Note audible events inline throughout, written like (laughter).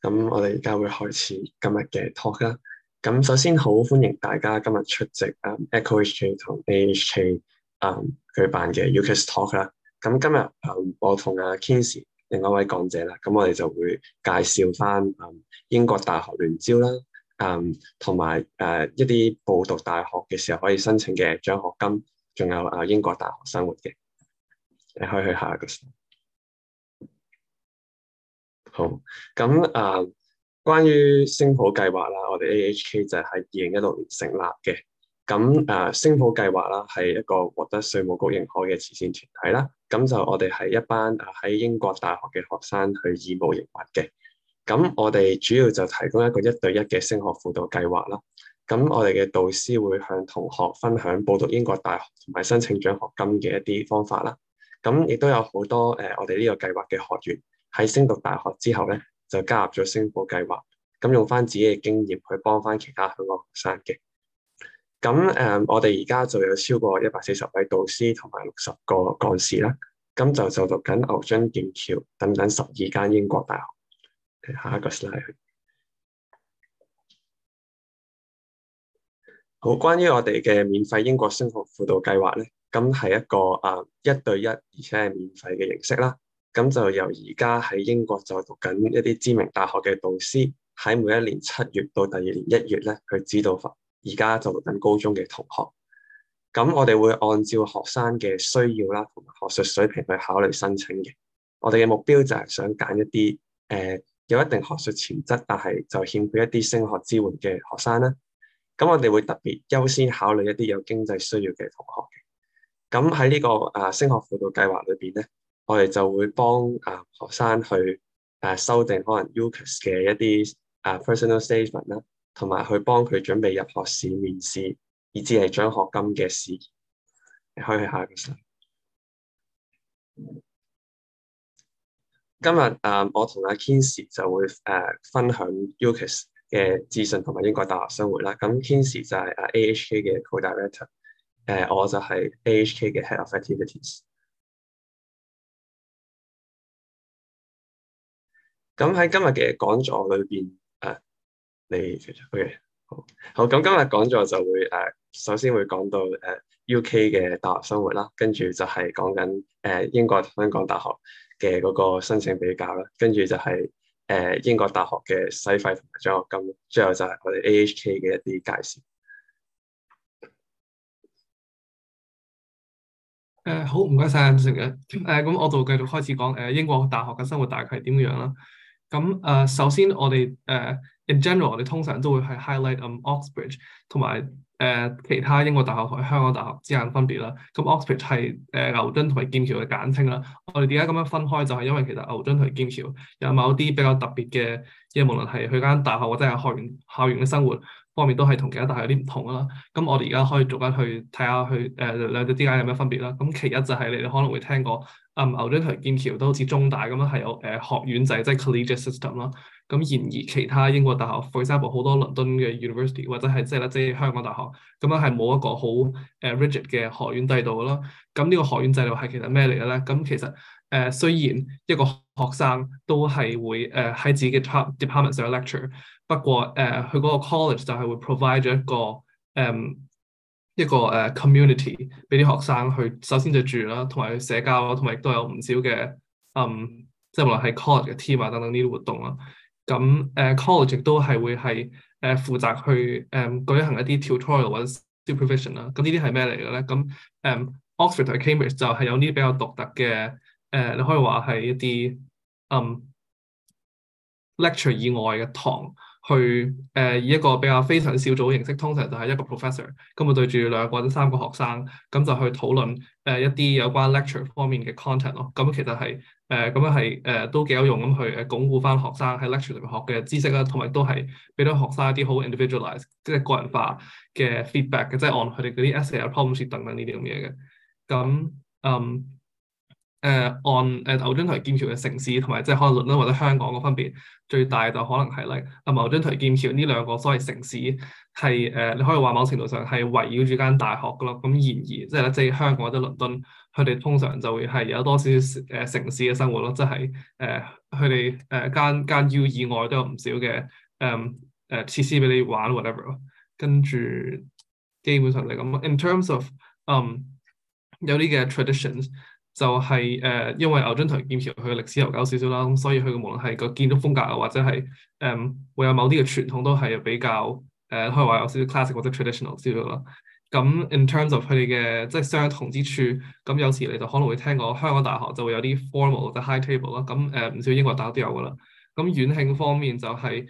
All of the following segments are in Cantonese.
咁我哋而家會開始今日嘅 talk 啦。咁首先好歡迎大家今日出席啊 Echo HK 同 AAHK 啊、嗯、舉辦嘅 UCAS Talk 啦。咁今日、嗯、我同阿 Kinsey 另外一位講者啦，咁我哋就會介紹翻英國大學聯招啦，嗯，同埋誒一啲報讀大學嘅時候可以申請嘅獎學金，仲有啊英國大學生活嘅。你可以去下一個先。好，咁啊，關於昇普計劃啦，我哋 AHK 就係喺二零一六年成立嘅，咁啊，昇普計劃啦係一個獲得稅務局認可嘅慈善團體啦，咁就我哋係一班喺英國大學嘅學生去義務營運嘅，咁我哋主要就提供一個一對一嘅升學輔導計劃啦，咁我哋嘅導師會向同學分享報讀英國大學同埋申請獎學金嘅一啲方法啦，咁亦都有好多誒、啊、我哋呢個計劃嘅學員。喺升讀大學之後咧，就加入咗昇普計劃，咁用翻自己嘅經驗去幫翻其他香港學生嘅。咁誒、嗯，我哋而家就有超過一百四十位導師同埋六十個幹事啦。咁就就讀緊牛津、劍橋等等十二間英國大學。下一個 slide。好，關於我哋嘅免費英國升學輔導計劃咧，咁係一個誒、嗯、一對一，而且係免費嘅形式啦。咁就由而家喺英國就讀緊一啲知名大學嘅導師，喺每一年七月到第二年一月咧，去指導翻而家就讀緊高中嘅同學。咁我哋會按照學生嘅需要啦，同埋學術水平去考慮申請嘅。我哋嘅目標就係想揀一啲誒、呃、有一定學術潛質，但係就欠缺一啲升學支援嘅學生啦。咁我哋會特別優先考慮一啲有經濟需要嘅同學。咁喺呢個誒、呃、升學輔導計劃裏邊咧。我哋就會幫啊學生去誒、啊、修訂可能 UCAS 嘅一啲啊 personal statement 啦、啊，同埋去幫佢準備入學試面試，以至係獎學金嘅事。可、啊、以下一個手。今日啊，我同阿 Kinsey 就會誒、啊、分享 UCAS 嘅資訊同埋英國大學生活啦。咁、啊、Kinsey 就係、AH、啊 AHK 嘅 Co-Director，誒我就係 AHK 嘅 Head of Activities。咁喺今日嘅講座裏邊，誒、啊、你 O、okay, K，好好咁今日講座就會誒、啊，首先會講到誒、啊、U K 嘅大學生活啦，跟住就係講緊誒、啊、英國香港大學嘅嗰個申請比較啦，跟住就係、是、誒、啊、英國大學嘅使費同埋獎學金，最後就係我哋 A H K 嘅一啲介紹。誒、啊、好，唔該晒，成日誒咁，我就繼續開始講誒、啊、英國大學嘅生活大概點樣啦。咁誒、呃、首先我哋誒 in general 我哋通常都會係 highlight um Oxbridge 同埋誒、呃、其他英國大學同香港大學之間分別啦。咁 Oxbridge 係誒、呃、牛津同埋劍橋嘅簡稱啦。我哋點解咁樣分開就係、是、因為其實牛津同劍橋有某啲比較特別嘅即係嘢，無論係去間大學或者係學院校園嘅生活方面都係同其他大學有啲唔同啦，咁我哋而家可以逐間去睇下去，誒、啊、兩者之間有咩分別啦？咁其一就係、是、你可能會聽過，啊、嗯、牛津同劍橋都好似中大咁樣係有誒學院制，即、就、係、是、collegiate system 啦。咁然而其他英國大學，for example 好多倫敦嘅 university 或者係即係咧即係香港大學，咁樣係冇一個好誒 rigid 嘅學院制度咯。咁呢個學院制度係其實咩嚟嘅咧？咁其實誒、呃、雖然一個學生都係會誒喺自己嘅 department 上 lecture。不過誒，佢、uh, 嗰個 college 就係會 provide 咗一個誒、um, 一個誒、uh, community 俾啲學生去，首先就住啦，同埋社交啦，同埋亦都有唔少嘅，即係無論係 college 嘅 team 啊等等呢啲活動啦。咁誒、uh, college 亦都係會係誒、uh, 負責去誒、um, 舉行一啲 tutorial 或者 supervision 啦。咁呢啲係咩嚟嘅咧？咁誒、um, Oxford 同 Cambridge 就係有呢啲比較獨特嘅誒，uh, 你可以話係一啲、um, lecture 以外嘅堂。去誒以一個比較非常小組形式，通常就係一個 professor，咁佢對住兩個或者三個學生，咁就去討論誒一啲有關 lecture 方面嘅 content 咯。咁、嗯、其實係誒咁樣係誒、呃、都幾有用咁去誒鞏固翻學生喺 lecture 上面學嘅知識啦，同埋都係俾到學生一啲好 individualized 即係個人化嘅 feedback 嘅，即係按佢哋嗰啲 essay、problem set 等等呢啲咁嘢嘅。咁嗯。誒按誒牛津同劍橋嘅城市同埋即係可能倫敦或者香港個分別最大就可能係咧啊，牛津同劍橋呢兩個所謂城市係誒、uh, 你可以話某程度上係圍繞住間大學噶咯，咁然而即係即係香港或者倫敦佢哋通常就會係有多少少誒城市嘅生活咯，即係誒佢哋誒間間 U 以外都有唔少嘅誒誒設施俾你玩 whatever 跟住基本上嚟咁樣，in terms of um, 有啲嘅 traditions。就係、是、誒、呃，因為牛津同劍橋佢嘅歷史悠久少少啦，咁所以佢嘅無論係個建築風格啊，或者係誒、嗯、會有某啲嘅傳統，都係比較誒、呃、可以話有少少 classic 或者 traditional 少少啦。咁 in terms of 佢哋嘅即係相同之處，咁有時你就可能會聽過香港大學就會有啲 formal 或者 high table 啦。咁誒唔少英國大學都有噶啦。咁遠慶方面就係、是、誒、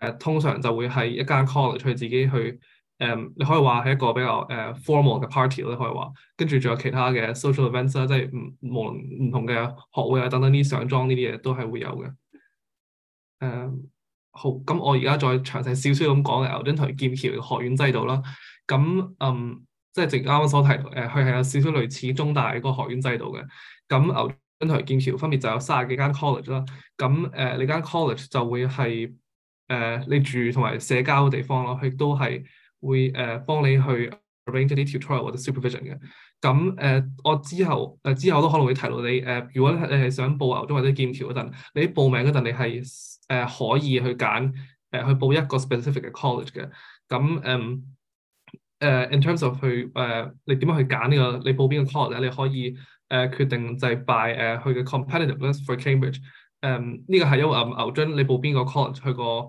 呃、通常就會係一間 college 佢自己去。誒，um, 你可以話係一個比較誒、uh, formal 嘅 party 啦，你可以話，跟住仲有其他嘅 social events 啦，即係唔無論唔同嘅學會啊等等啲上莊呢啲嘢都係會有嘅。誒、um,，好，咁我而家再詳細少少咁講牛津同劍橋嘅學院制度啦。咁，嗯、um,，即係正啱啱所提到，佢、呃、係有少少類似中大嗰個學院制度嘅。咁牛津同劍橋分別就有三十幾間 college 啦。咁，誒，你間 college 就會係誒、uh, 你住同埋社交嘅地方咯，佢都係。會誒、呃、幫你去 arrange 啲 tutorial 或者 supervision 嘅。咁、呃、誒我之後誒、呃、之後都可能會提到你誒、呃，如果你係誒想報牛津或者劍橋嗰陣，你啲報名嗰陣你係誒、呃、可以去揀誒、呃、去報一個 specific 嘅 college 嘅。咁誒誒 in terms of 去誒、呃、你點樣去揀呢、這個你報邊個 college 咧？你可以誒、呃、決定就係 by 誒、呃、佢嘅 competitiveness for Cambridge、呃。誒、這、呢個係因為、呃、牛津你報邊個 college 去個。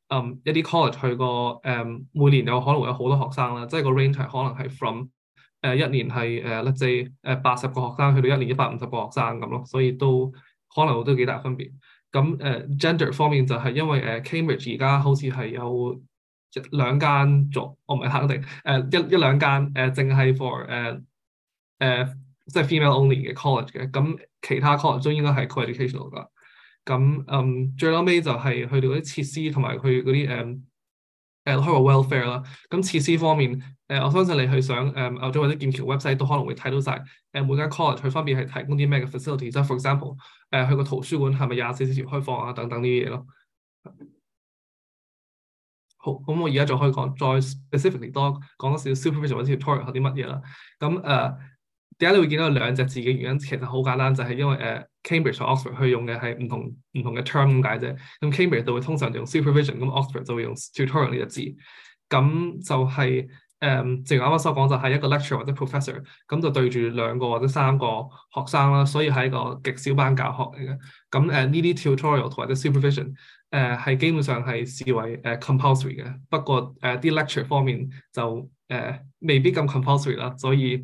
嗯，um, 一啲 college 去過誒，um, 每年有可能會有好多學生啦，即係個 range 可能係 from 誒、uh, 一年係誒，let's say 誒八十個學生去到一年一百五十個學生咁咯，所以都可能都幾大分別。咁誒、uh, gender 方面就係因為誒、uh, Cambridge 而家好似係有兩間做，我唔係肯定誒、uh, 一一兩間誒，淨係、uh, for 誒、uh, 誒、uh, 即係 female only 嘅 college 嘅，咁其他 college 都應該係 coeducational 噶。咁嗯，最後尾就係佢哋嗰啲設施同埋佢嗰啲誒誒 college welfare 啦。咁、嗯啊嗯、設施方面，誒、嗯、我相信你去想誒牛津或者劍橋 website 都可能會睇到晒。誒每間 college 佢分別係提供啲咩嘅 facility。即係 for example，誒佢個圖書館係咪廿四小時開放啊？等等呢啲嘢咯。好，咁我而家再可以講再 specifically 啲多 tutorial，講多少 supervision 或者 tutorial 係啲乜嘢啦。咁、啊、誒。第一你會見到兩隻字嘅原因，其實好簡單，就係、是、因為誒、uh, Cambridge 同 Oxford 去用嘅係唔同唔同嘅 term 咁解啫。咁 Cambridge 就會通常用 supervision，咁 Oxford 就會用 tutorial 呢個字。咁就係、是、誒、嗯，正如啱啱所講，就係、是、一個 lecture 或者 professor，咁就對住兩個或者三個學生啦，所以係一個極小班教學嚟嘅。咁誒呢、呃、啲 tutorial 或者 supervision，誒、呃、係基本上係視為誒 compulsory 嘅。不過誒啲、呃、lecture 方面就誒、呃、未必咁 compulsory 啦，所以。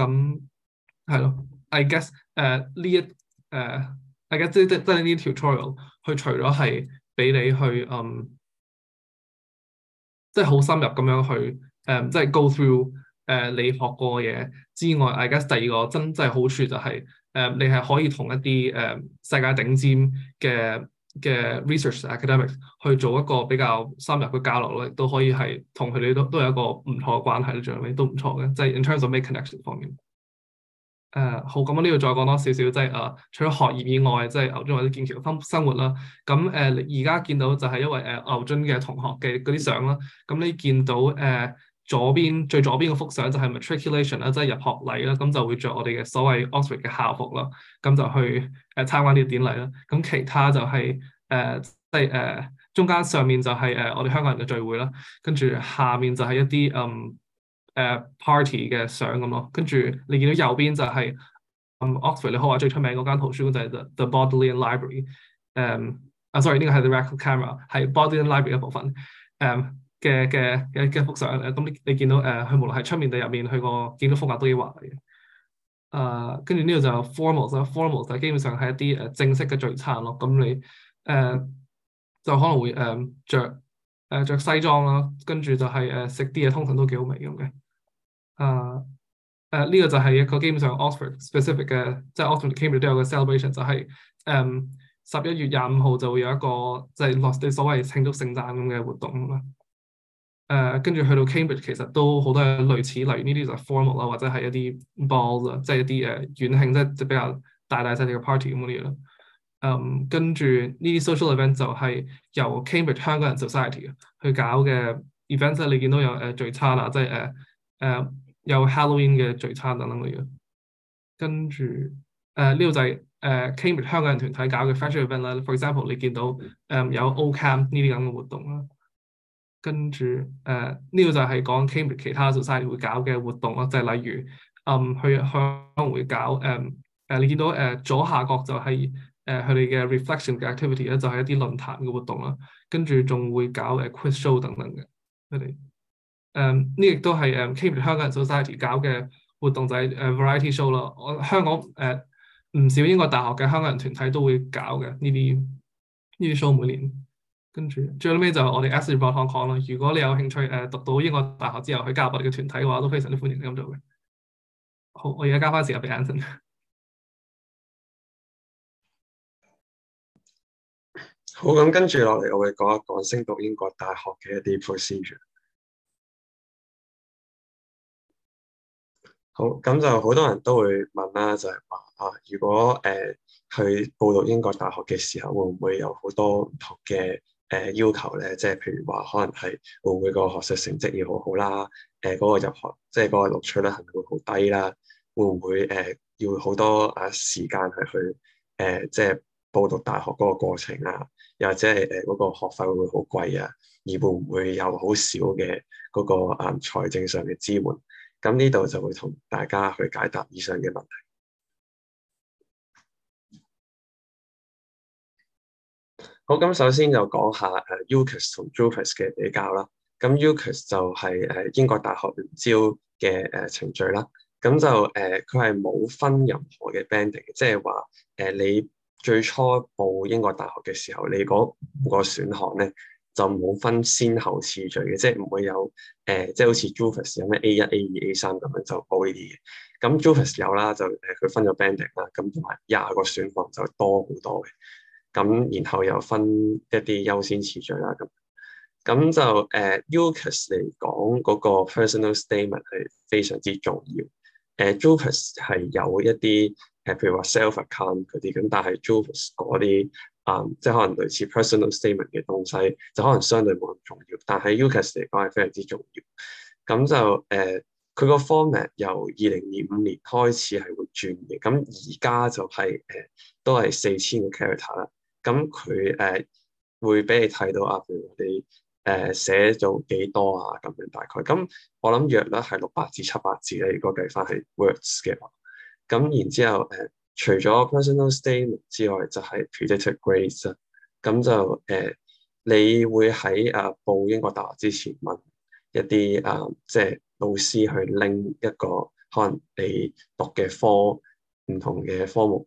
咁係咯，I guess 誒、uh, 呢一誒、uh,，I guess 即係真係呢條 tutorial，佢除咗係俾你去嗯，um, 即係好深入咁樣去誒，um, 即係 go through 誒、uh, 你學過嘅嘢之外，I guess 第二個真真係好處就係、是、誒、um, 你係可以同一啲誒、um, 世界頂尖嘅嘅 research、rese academic 去做一個比較深入嘅交流咧，都可以係同佢哋都都有一個唔錯嘅關係啦，最後尾都唔錯嘅，即係 in terms of make connection 方面。誒、uh, 好，咁我呢度再講多少少，即係誒除咗學業以外，即係牛津或者劍橋生生活啦。咁誒，而家見到就係一位誒牛津嘅同學嘅嗰啲相啦。咁你見到誒？Uh, 左邊最左邊嗰幅相就係 matriculation 啦，即係入學禮啦，咁就會着我哋嘅所謂 Oxford 嘅校服啦，咁就去誒參觀呢個典禮啦。咁其他就係誒即係誒中間上面就係誒我哋香港人嘅聚會啦，跟住下面就係一啲嗯誒 party 嘅相咁咯。跟住你見到右邊就係、是 um, Oxford，你好話最出名嗰間圖書館就係 The, the Bodleian Library。誒啊 sorry 呢個係 The Radcliffe Camera 係 Bodleian Library 嘅部分。Um, 嘅嘅嘅嘅幅相咁，你你見到誒，佢、呃、無論係出面定入面，佢個見到風格都要華麗嘅。誒、啊，跟住呢度就 formal 啦、啊、，formal 就、啊、基本上係一啲誒正式嘅聚餐咯。咁你誒、啊、就可能會誒、嗯啊啊、著誒、就、著、是啊、西裝啦，跟住就係誒食啲嘢，通常都幾好味咁嘅。誒、啊、誒，呢、啊這個就係一個基本上 Oxford specific 嘅，即、就、係、是、Oxford Cambridge 都有個 celebration，就係誒十一月廿五號就會有一個即係落地所謂慶祝聖誕咁嘅活動啦。誒、uh, 跟住去到 Cambridge 其實都好多類似，例如呢啲就係 formal 啦，或者係一啲 ball 啊、呃，即係一啲誒遠慶即係即比較大大細細嘅 party 咁嗰啲咯。嗯、um,，跟住呢啲 social event 就係由 Cambridge 香港人 society 去搞嘅 event 你見到有誒聚餐啦，即係誒誒有 Halloween 嘅聚餐等等嗰啲。跟住誒呢個就係、是、誒、呃、Cambridge 香港人團體搞嘅 fashion event 啦。For example，你見到誒、呃、有 Ocamp 呢啲咁嘅活動啦。跟住誒呢個就係講 Cambridge 其他 society 會，會搞嘅活動咯，就係、是、例如嗯去香港會搞誒誒、嗯、你見到誒左下角就係誒佢哋嘅 reflection 嘅 activity 咧，呃、act 就係一啲論壇嘅活動啦。跟住仲會搞誒 quiz show 等等嘅佢哋誒呢，亦都係誒 Cambridge 香港人 society 搞嘅、嗯嗯嗯嗯嗯嗯、活動就係、是、誒 variety show 咯、嗯。我香港誒唔、嗯嗯、少英國大學嘅香港人團體都會搞嘅呢啲呢啲 show 每年。跟住最屘就我哋 Access Abroad Hong Kong 啦。如果你有興趣誒讀到英國大學之後去加入我哋嘅團體嘅話，都非常之歡迎你咁做嘅。好，我而家交翻時間俾 Anson。好，咁跟住落嚟，我會講一講升讀英國大學嘅一啲 procedure。好，咁就好多人都會問啦、啊，就係、是、話啊，如果誒、呃、去報讀英國大學嘅時候，會唔會有好多唔同嘅？誒、呃、要求咧，即係譬如話，可能係會唔會個學術成績要好好、啊、啦？誒、呃、嗰、那個入學即係嗰個錄取率係唔會好低啦、啊？會唔會誒、呃、要好多啊時間係去誒、呃、即係報讀大學嗰個過程啊？又或者係誒嗰個學費會唔會好貴啊？而會唔會有好少嘅嗰個啊財政上嘅支援？咁呢度就會同大家去解答以上嘅問題。好，咁首先就講下誒 UCAS 同 JUPAS 嘅比較啦。咁 UCAS 就係誒英國大學聯招嘅誒程序啦。咁就誒佢係冇分任何嘅 banding，即係話誒、呃、你最初報英國大學嘅時候，你嗰個選項咧就冇分先後次序嘅，即係唔會有誒、呃、即係好似 JUPAS 咁樣 A 一、A 二、A 三咁樣就報呢啲嘢。咁 JUPAS 有啦，就誒佢、呃、分咗 banding 啦，咁同埋廿個選項就多好多嘅。咁然後又分一啲優先次序啦，咁咁就誒 UCAS 嚟講嗰個 personal statement 係 (noise) 非常之重要。誒 JUPAS 係有一啲誒譬如話 self account 嗰啲咁，但係 JUPAS 嗰啲啊即係可能類似 personal statement 嘅東西，就可能相對冇咁重要。但係 UCAS 嚟講係非常之重要。咁就誒佢個 format 由二零二五年開始係會轉嘅，咁而家就係、是、誒、uh，都係四千個 character 啦。咁佢誒會俾你睇到啊，譬如你誒寫咗幾多啊咁樣大概。咁我諗約率係六百至七百字咧。如果計返係 words 嘅話，咁然之後誒、啊、除咗 personal statement 之外，就係、是、predicted grades。咁就誒你會喺啊報英國大學之前問一啲啊即係、就是、老師去拎一個可能你讀嘅科唔同嘅科目。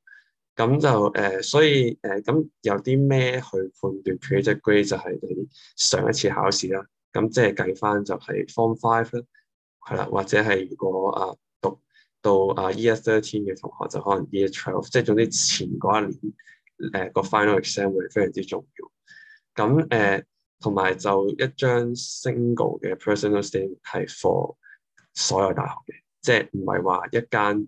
咁就誒、呃，所以誒，咁、呃、有啲咩去判斷佢 predicted grade 就係、是、你上一次考試啦。咁即係計翻就係 Form Five 咧，係啦，或者係如果啊讀到啊 Year Thirteen 嘅同學就可能 Year Twelve，即係總之前嗰一年誒個、啊、Final Exam 會非常之重要。咁、啊、誒，同埋就一張 single 嘅 Personal Statement 係 for 所有大學嘅，即係唔係話一間。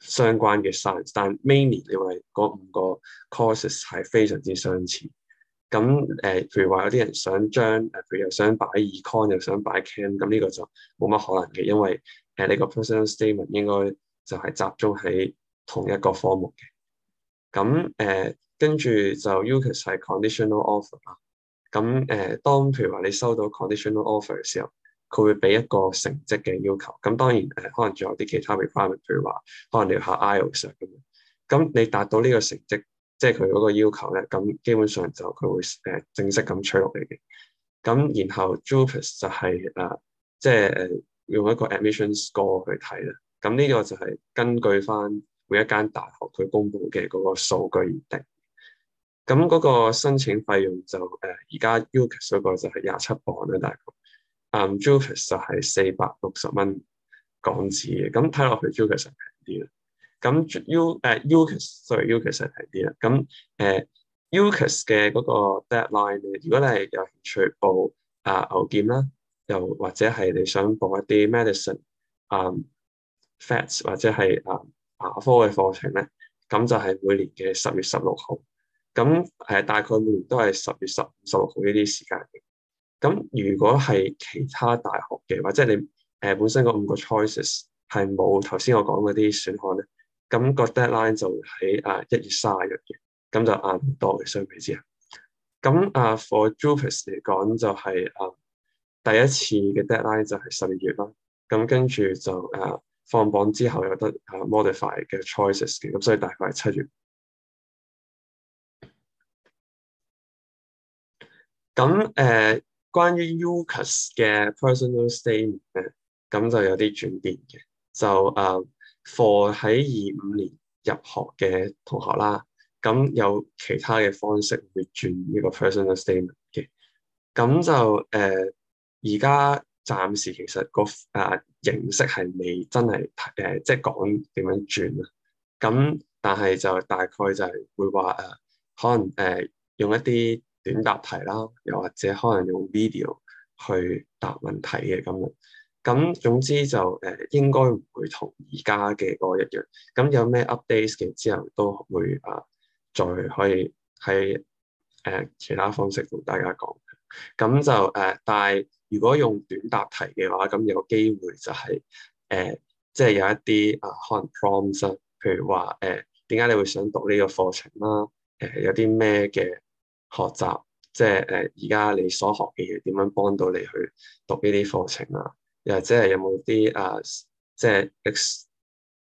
相關嘅 science，但係 mainly 你嗰五個 courses 係非常之相似咁。誒、呃、譬如話有啲人想將誒譬如又想擺 econ 又想擺 cam，咁呢個就冇乜可能嘅，因為誒你個 personal statement 應該就係集中喺同一個科目嘅。咁誒跟住就 uk 係 conditional offer 啊，咁誒當譬如話你收到 conditional offer 嘅時候佢會俾一個成績嘅要求，咁當然誒、呃，可能仲有啲其他 requirement，譬如話，可能你要考 IELTS 咁樣。咁你達到呢個成績，即係佢嗰個要求咧，咁基本上就佢會誒正式咁取錄你嘅。咁然後 JUPAS 就係、是、誒、呃，即係誒用一個 admission score 去睇啦。咁呢個就係根據翻每一間大學佢公布嘅嗰個數據而定。咁嗰個申請費用就誒，而、呃、家 UCAS 嗰個就係廿七磅啦，大概。嗯，UCAS、um, 就係四百六十蚊港紙嘅，咁睇落去 UCAS 平啲啦。咁 U 誒、uh, UCAS，sorry UCAS 平啲啦。咁誒 UCAS 嘅嗰個 deadline，如果你係有興趣報啊、uh, 牛劍啦，又或者係你想報一啲 medicine 啊、um, fats 或者係啊牙科嘅課程咧，咁就係每年嘅十月十六號。咁誒、uh, 大概每年都係十月十五十六號呢啲時間嘅。咁如果係其他大學嘅話，即係你誒、呃、本身嗰五個 choices 係冇頭先我講嗰啲選項咧，咁、個 deadline 就喺啊一月卅日嘅，咁就唔多啊相比之下。咁、就是、啊 for Jupas 嚟講就係啊第一次嘅 deadline 就係十二月啦，咁跟住就誒、啊、放榜之後有得啊 modify 嘅 choices 嘅，咁所以大概係七月。咁誒。啊關於 UCAS 嘅 personal statement，咧，咁就有啲轉變嘅。就誒 for 喺二五年入學嘅同學啦，咁有其他嘅方式會轉呢個 personal statement 嘅。咁就誒，而家暫時其實、那個誒、uh, 形式係未真係誒，uh, 即係講點樣轉啊。咁但係就大概就係會話誒，uh, 可能誒、uh, 用一啲。短答題啦，又或者可能用 video 去答問題嘅咁樣咁，總之就誒、呃，應該唔會同而家嘅嗰個一樣。咁有咩 update 嘅之後都會啊，再可以喺誒、呃、其他方式同大家講。咁就誒、呃，但係如果用短答題嘅話，咁有機會就係、是、誒、呃，即係有一啲啊、呃，可能 prompt，譬如話誒，點、呃、解你會想讀呢個課程啦、啊？誒、呃，有啲咩嘅？學習即係誒，而家你所學嘅嘢點樣幫到你去讀呢啲課程啊？又或者係有冇啲啊，即係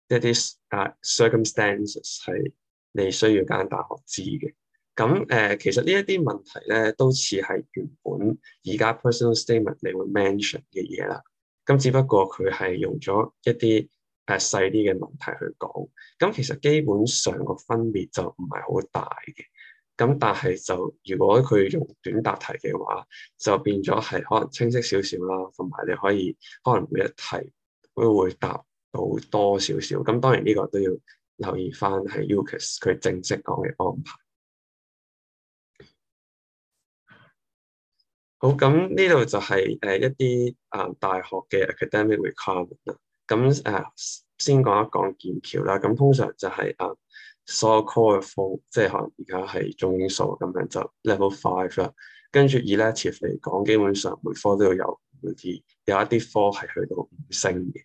一啲啊 circumstances 係你需要揀大學知嘅？咁誒、呃，其實呢一啲問題咧都似係原本而家 personal statement 你會 mention 嘅嘢啦。咁只不過佢係用咗一啲誒細啲嘅問題去講。咁其實基本上個分別就唔係好大嘅。咁但係就如果佢用短答題嘅話，就變咗係可能清晰少少啦，同埋你可以可能會一題都會答到多少少。咁當然呢個都要留意翻係 UKS 佢正式講嘅安排。好，咁呢度就係誒一啲啊大學嘅 academic requirement 啦。咁誒先講一講劍橋啦。咁通常就係、是、啊。所有 core 科即係可能而家係中英數咁樣就 level five 啦，跟住 elective 嚟講，基本上每科都要有啲、呃 er 呃，有一啲科係去到五星嘅。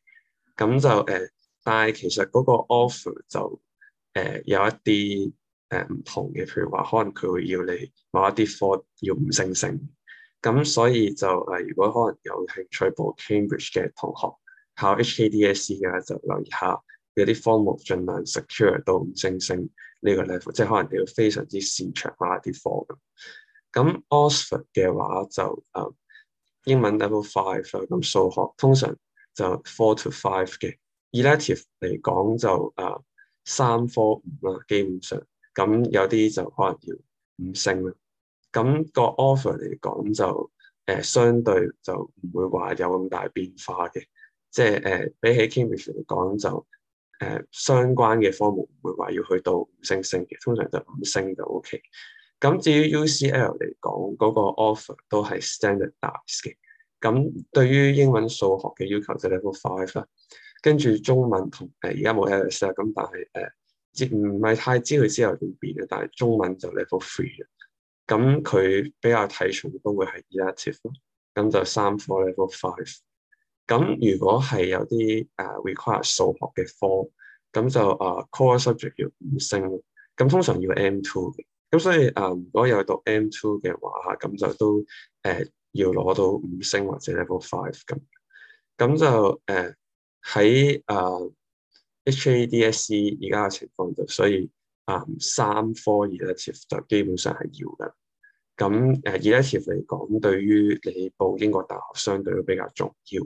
咁就誒，但係其實嗰個 offer 就誒有一啲誒唔同嘅，譬如話可能佢會要你某一啲科要五星星。咁所以就誒、呃，如果可能有興趣報 Cambridge 嘅同學考 HKDSE 啊，SE，就留意下。有啲科目儘量 secure 到五星星呢個 level，即係可能你要非常之擅長嗰啲科咁。咁 Oxford 嘅話就誒、嗯、英文 level five 啦，咁數學通常就 four to five 嘅。Elective 嚟講就誒三科五啦，基本上咁有啲就可能要五星啦。咁、那個 offer 嚟講就誒、呃、相對就唔會話有咁大變化嘅，即係誒、呃、比起 Cambridge 嚟講就。誒相關嘅科目唔會話要去到五星星嘅，通常就五星就 O K。咁至於 U C L 嚟講，嗰個 offer 都係 standardised 嘅。咁對於英文數學嘅要求就 level five 啦，跟住中文同誒而家冇 A S 啦。咁但係誒，唔係太知佢之後點變嘅，但係中文就 level three 嘅。咁佢比較睇重都會係 relative 咯，咁就三科 level five。咁如果係有啲誒、uh, require 數學嘅科，咁就誒、uh, core subject 要五星，咁通常要 M two 嘅，咁所以誒，uh, 如果有讀 M two 嘅話吓，咁就都誒、uh, 要攞到五星或者 level five 咁。咁就誒喺誒 HKDSE 而家嘅情況就，所以誒三科 elective 就基本上係要噶。咁誒 elective 嚟講，uh, (noise) 對於你報英國大學相對都比較重要。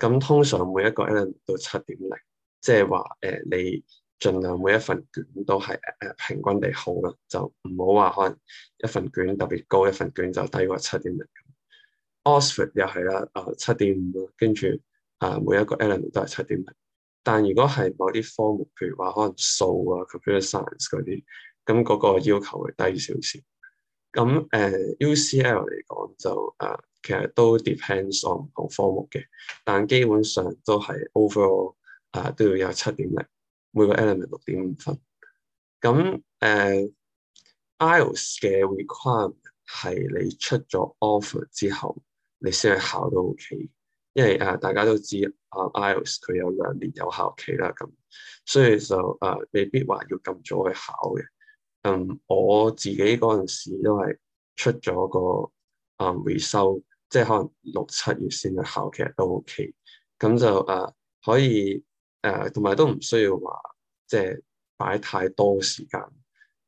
咁通常每一個 element 都七點零，即係話誒，你盡量每一份卷都係誒、呃、平均地好啦，就唔好話可能一份卷特別高，一份卷就低過七點零。Oxford 又係啦，誒七點五啦，跟住啊每一個 element 都係七點零。但如果係某啲科目，譬如話可能數啊、Computer Science 嗰啲，咁嗰個要求會低少少。咁誒、呃、UCL 嚟講就誒。呃其實都 depends on 唔同科目嘅，但基本上都係 overall 啊、uh, 都要有七點零，每個 element 六點五分。咁誒、uh,，IELTS 嘅 requirement 係你出咗 offer 之後，你先去考都 OK，因為啊、uh, 大家都知啊 IELTS 佢有兩年有效期啦，咁所以就啊、uh, 未必話要咁早去考嘅。嗯、um,，我自己嗰陣時都係出咗個啊回收。Um, 即係可能六七月先去考，其實都 OK。咁就誒可以誒，同埋都唔需要話即係擺太多時間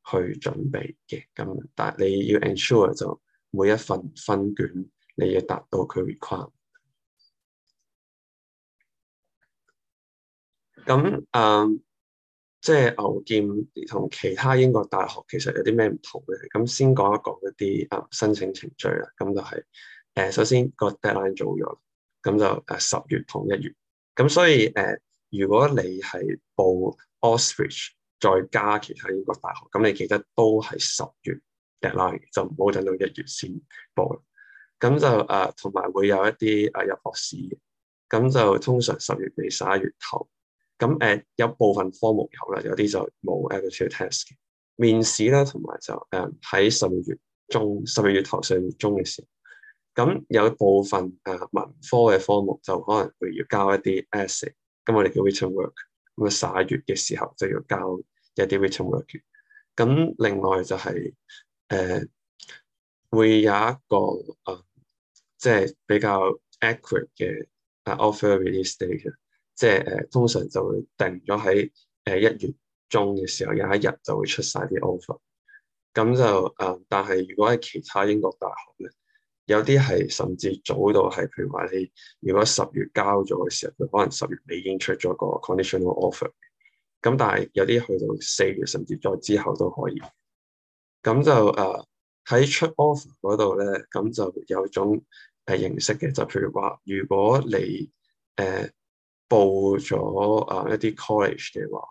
去準備嘅。咁但係你要 ensure 就每一份分卷你要達到佢 require。咁誒，uh, 即係牛劍同其他英國大學其實有啲咩唔同咧？咁先講一講一啲誒、uh, 申請程序啦。咁就係、是。誒，uh, 首先個 deadline 做咗，咁就誒十月同一月咁，所以誒，uh, 如果你係報 Oxford 再加其他英國大學，咁你記得都係十月 deadline，就唔好等到一月先報啦。咁就誒，同、uh, 埋會有一啲誒、uh, 入學試嘅，咁就通常十月尾十一月頭。咁誒、uh, 有部分科目有啦，有啲就冇 extra test 嘅面試啦，同埋就誒喺十月中、十二月頭、上月中嘅時候。咁有一部分誒、啊、文科嘅科目就可能會要交一啲 essay，咁我哋叫 written work。咁啊，十一月嘅時候就要交一啲 written work。咁另外就係、是、誒、呃、會有一個誒即係比較 accurate 嘅 offer release date，即係誒通常就會定咗喺誒一月中嘅時候有一日就會出晒啲 offer。咁就誒，但係如果喺其他英國大學咧。有啲係甚至早到係，譬如話你如果十月交咗嘅時候，佢可能十月你已經出咗個 conditional offer。咁但係有啲去到四月甚至再之後都可以。咁就誒喺、uh, 出 offer 嗰度咧，咁就有種誒形式嘅，就譬如話，如果你誒、uh, 報咗啊一啲 college 嘅話，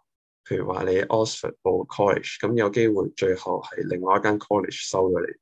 譬如話你 Oxford 報 college，咁有機會最後係另外一間 college 收咗你。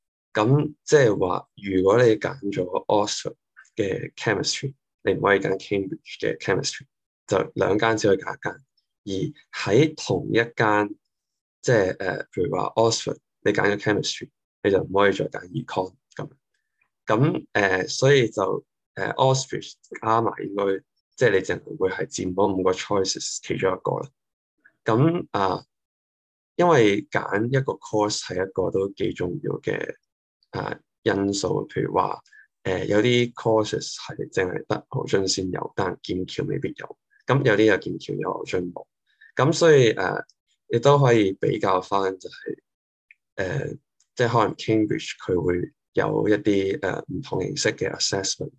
咁即係話，如果你揀咗 Oxford 嘅 chemistry，你唔可以揀 Cambridge 嘅 chemistry，就兩間只可以揀一間。而喺同一間，即係誒，譬如話 Oxford，你揀咗 chemistry，你就唔可以再揀 econ 咁。咁誒，所以就誒、呃，Oxford 加埋，應該即係你淨係會係佔嗰五個 choices 其中一個啦。咁啊，因為揀一個 course 係一個都幾重要嘅。啊，因素譬如話，誒、呃、有啲 course 係淨係得牛津先有，但劍橋未必有。咁、嗯、有啲有劍橋有牛津冇。咁、嗯、所以誒、呃，亦都可以比較返、就係，就係誒，即係可能 Cambridge 佢會有一啲誒唔同形式嘅 assessment。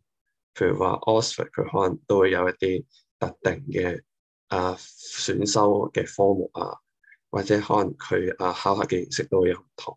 譬如話 Oxford 佢可能都會有一啲特定嘅啊、呃、選修嘅科目啊，或者可能佢啊、呃、考核嘅形式都會有唔同。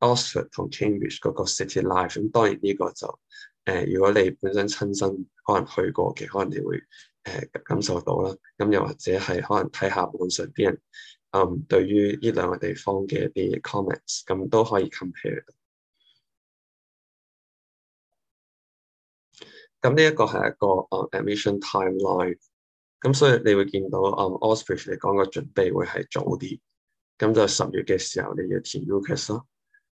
Oxford 同 Cambridge 嗰個 City Life 咁、嗯，當然呢個就誒、呃，如果你本身親身可能去過嘅，可能你會誒、呃、感受到啦。咁、嗯、又或者係可能睇下網上啲人，嗯，對於呢兩個地方嘅一啲 comments，咁、嗯、都可以 compare。咁、嗯、呢、這個、一個係一個、uh, 誒 admission timeline，咁、嗯、所以你會見到誒、um, Oxford 嚟講個準備會係早啲，咁、嗯、就十月嘅時候你要填 UCAS 咯。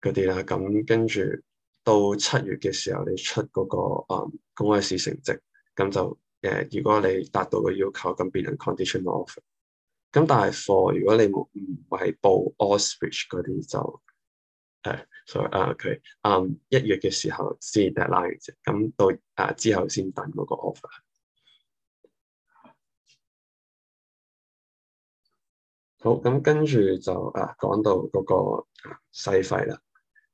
嗰啲啦，咁跟住到七月嘅時候，你出嗰個公開試成績，咁就誒，如果你達到個要求，咁變成 conditional offer。咁但係，for，如果你冇唔係報 Oxbridge 嗰啲，就誒所以啊，佢，啊，一月嘅時候先 deadline 嘅，咁到啊、uh, 之後先等嗰個 offer。好，咁跟住就啊講到嗰個西費啦。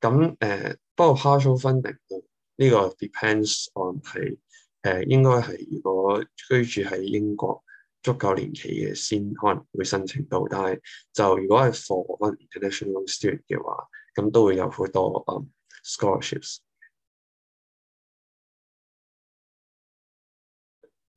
咁誒，不過 partial funding 呢個 depends on 係誒，應該係如果居住喺英國足夠年期嘅，先可能會申請到。但係就如果係 for one international student 嘅話，咁都會有好多誒 scholarships。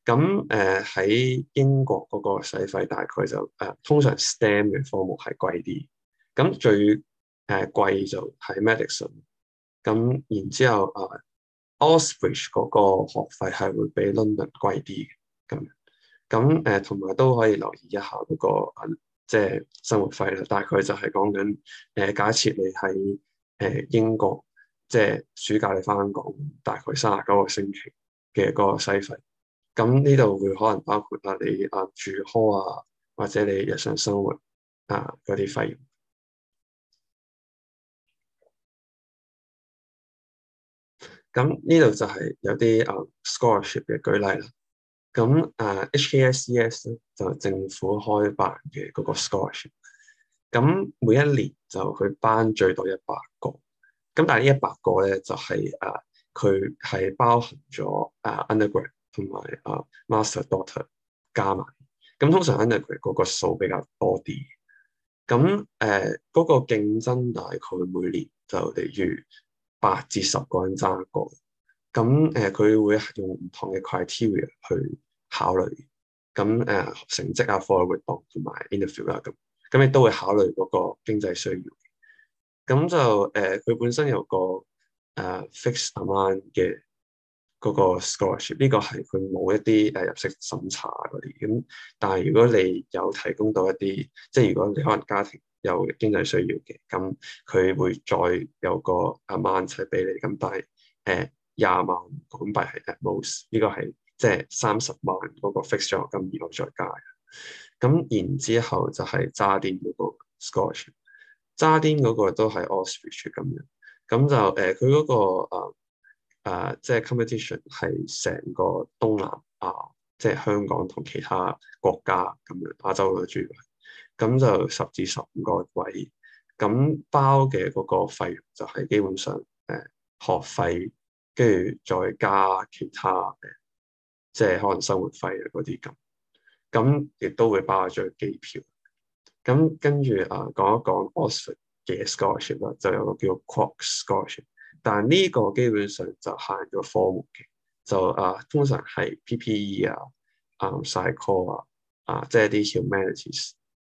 咁誒喺英國嗰個使費大概就誒，通常 STEM 嘅科目係貴啲。咁最誒、貴、啊、就喺 Medicine，咁然之後誒，Oxbridge 嗰個學費係會比 London 貴啲嘅，咁咁誒，同埋都可以留意一下嗰、那個即係、啊就是、生活費啦，大概就係講緊，誒、啊，假設你喺誒、啊、英國，即、就、係、是、暑假你翻香港，大概三十九個星期嘅嗰個西費，咁呢度會可能包括啦你誒、啊、住 hall 啊，或者你日常生活啊嗰啲費用。咁呢度就係有啲啊、uh, scholarship 嘅舉例啦。咁啊、uh, HKSES 咧就係、政府開辦嘅嗰個 scholarship。咁每一年就佢班最多一百個。咁但係呢一百個咧就係啊佢係包含咗啊 undergrad 同埋啊 master doctor 加埋。咁通常 undergraduate 嗰個數比較多啲。咁誒嗰個競爭大概每年就例如。八至十個人爭過，咁誒佢會用唔同嘅 criteria 去考慮，咁誒、呃、成績啊、課外活動同埋 interview 啊，咁咁亦都會考慮嗰個經濟需要。咁就誒佢、呃、本身有個誒、呃、fixed amount 嘅嗰個 scholarship，呢個係佢冇一啲誒、呃、入息審查嗰啲咁，但係如果你有提供到一啲，即係如果你可能家庭。有經濟需要嘅，咁佢會再有個 amount 俾你，咁但係誒廿萬港幣係 at most，呢個係即係三十萬嗰個 fixed 咗，咁以後再加。咁然之後就係渣甸嗰個 scorcher，渣甸嗰個都係 auspice 咁樣，咁就誒佢嗰個誒、呃啊、即係 competition 係成個東南亞，即係香港同其他國家咁樣亞洲嘅住。咁就十至十五個位，咁包嘅嗰個費用就係基本上誒學費，跟住再加其他嘅，即係可能生活費啊嗰啲咁。咁亦都會包咗機票。咁跟住啊，講一講 Oxford 嘅 scholarship 啊，就有個叫 q Cox scholarship，但呢個基本上就限咗科目嘅，就啊通常係 PPE 啊、啊 psycho 啊、啊即係啲 humanities。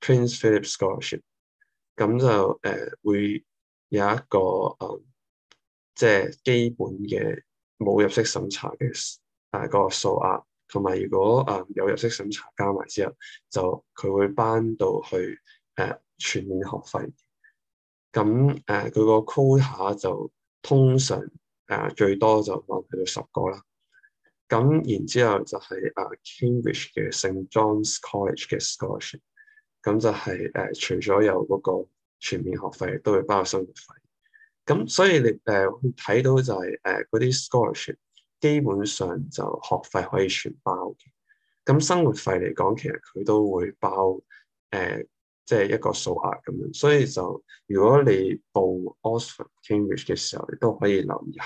Prince Philip Scholarship 咁就誒、uh, 會有一個、um, 即係基本嘅冇入息審查嘅大、uh, 個數額，同埋如果誒、uh, 有入息審查加埋之後，就佢會頒到去誒、uh, 全面學費。咁誒佢個 quota 就通常誒、uh, 最多就講佢到十個啦。咁然之後就係誒劍橋嘅聖 John's College 嘅 scholarship。咁就係、是、誒，除咗有嗰個全面學費，都會包生活費。咁所以你誒睇、呃、到就係、是、誒嗰、呃、啲 scholarship，基本上就學費可以全包嘅。咁生活費嚟講，其實佢都會包誒，即、呃、係、就是、一個數額咁樣。所以就如果你報 Oxford、Cambridge 嘅時候，你都可以留意下，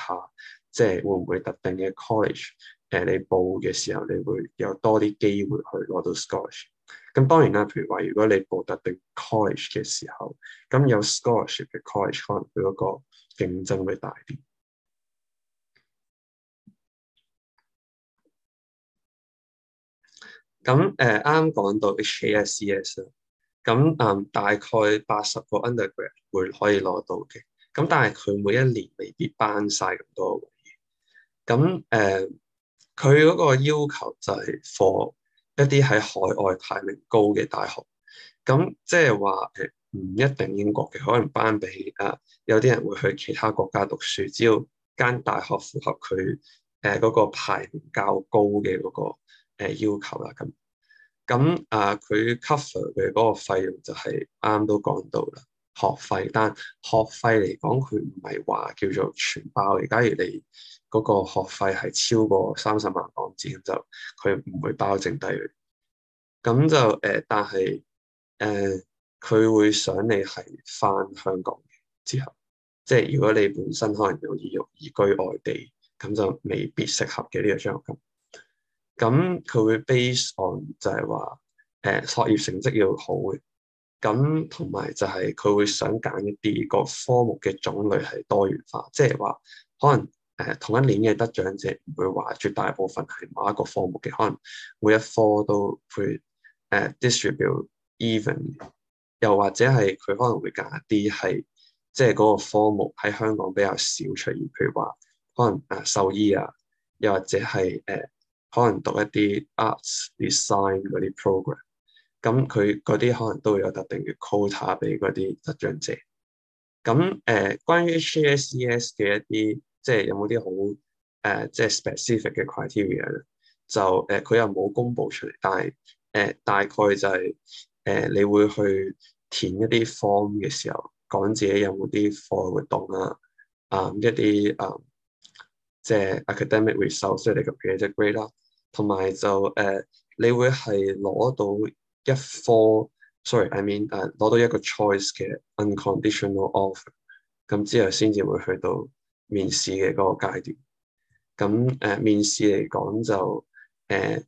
即、就、係、是、會唔會特定嘅 college 誒、呃，你報嘅時候，你會有多啲機會去攞到 scholarship。咁當然啦，譬如話，如果你報特定 college 嘅時候，咁有 scholarship 嘅 college，可能佢嗰個競爭會大啲。咁誒啱講到 H.A.S.C.S，咁嗯，大概八十個 undergraduate 會可以攞到嘅。咁但係佢每一年未必班晒咁多位。咁誒，佢、呃、嗰個要求就係課。一啲喺海外排名高嘅大學，咁即係話誒唔一定英國嘅，可能班比誒有啲人會去其他國家讀書，只要間大學符合佢誒嗰個排名較高嘅嗰個誒要求啦。咁咁啊，佢 cover 嘅嗰個費用就係啱都講到啦，學費。但學費嚟講，佢唔係話叫做全包，而家如你。嗰個學費係超過三十萬港紙，就佢唔會包剩低。咁就誒、呃，但係誒，佢、呃、會想你係返香港之後，即係如果你本身可能有意欲移居外地，咁就未必適合嘅呢個獎學金。咁佢會 base on 就係話誒學業成績要好嘅，咁同埋就係佢會想揀一啲個科目嘅種類係多元化，即係話可能。誒，uh, 同一年嘅得獎者唔會話絕大部分係某一個科目嘅，可能每一科都會誒、uh, distribute even，又或者係佢可能會揀一啲係即係嗰個科目喺香港比較少出現，譬如話可能誒獸、uh, 醫啊，又或者係誒、uh, 可能讀一啲 arts design 嗰啲 program，咁佢嗰啲可能都會有特定嘅 quota 俾嗰啲得獎者，咁誒、uh, 關於 HSEs 嘅一啲。即係有冇啲好誒，即係 specific 嘅 criteria 咧？就、呃、誒，佢又冇公布出嚟，但係誒、呃、大概就係、是、誒、呃，你會去填一啲 form 嘅時候，講自己有冇啲課外活動啦，啊一啲啊，呃呃、即係 academic result，即係你嘅 basic grade 啦、啊，同埋就誒、呃，你會係攞到一科，sorry，I mean 誒攞到一個 choice 嘅 unconditional offer，咁之後先至會去到。面試嘅嗰個階段，咁誒、呃，面試嚟講就誒，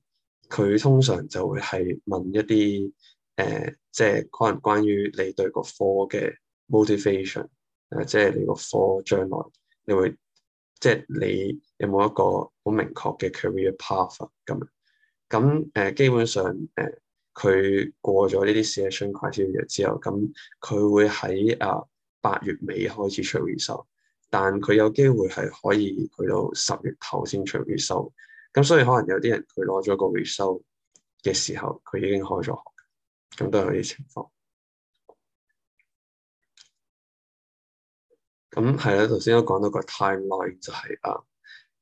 佢、呃、通常就會係問一啲誒、呃，即係可能關於你對個科嘅 motivation，誒、呃，即係你個科將來你會，即係你有冇一個好明確嘅 career path 咁、啊，咁誒、呃，基本上誒，佢、呃、過咗呢啲 selection criteria 之後，咁、呃、佢會喺啊八月尾開始出 result。但佢有機會係可以去到十月頭先出月收，咁所以可能有啲人佢攞咗個月收嘅時候，佢已經開咗學，咁都係佢啲情況。咁係啦，頭先都講到個 timeline 就係啊，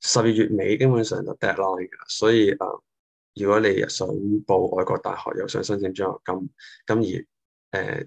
十二月尾基本上就 deadline 啦，所以啊，如果你又想報外國大學又想申請獎學金，咁而誒。呃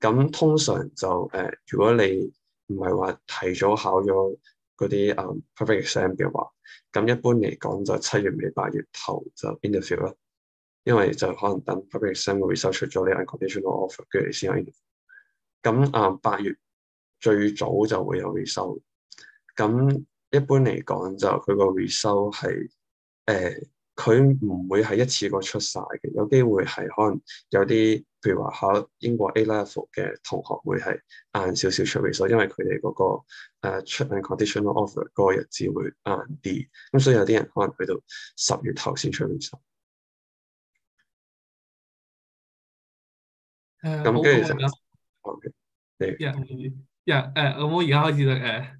咁通常就誒，如果你唔係話提早考咗嗰啲誒 public exam 嘅話，咁一般嚟講就七月尾八月頭就 interview 咯，因為就可能等 public exam 嘅 result 出咗你 unconditional offer，跟住先有 interview。咁誒八月最早就會有 result。咁一般嚟講就佢個 result 係佢唔、呃、會係一次過出晒嘅，有機會係可能有啲。譬如話考英國 A level 嘅同學會係晏少少出嚟，所，因為佢哋嗰個、uh, 出 unconditional offer 嗰個日子會晏啲，咁所以有啲人可能去到十月頭先出嚟。咁跟住就 OK。嚟，一，一，誒，我而家開始得嘅。Uh,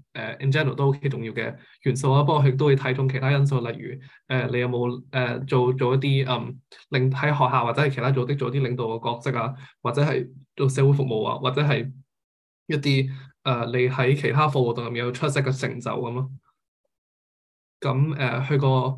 誒、uh，in general 都 OK 重要嘅元素啊。不過佢都會睇中其他因素，例如誒、呃，你有冇誒、呃、做做一啲嗯，令、呃、喺學校或者係其他組織做啲領導嘅角色啊，或者係做社會服務啊，或者係一啲誒、呃，你喺其他課活動入面有出色嘅成就咁、啊、咯。咁誒，佢、呃、個。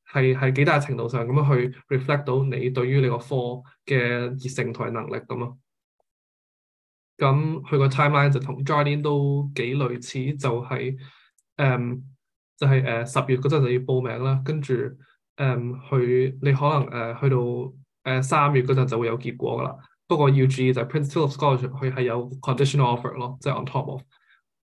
係係幾大程度上咁樣去 reflect 到你對於你個科嘅熱誠同埋能力咁咯。咁佢個 timeline 就同 Jardine 都幾類似，就係、是、誒、嗯、就係誒十月嗰陣就要報名啦，跟住誒去你可能誒、呃、去到誒三、呃、月嗰陣就會有結果㗎啦。不過要注意就係 Prince Philip Scholarship 佢係有 conditional offer 咯，即、就、係、是、on top of。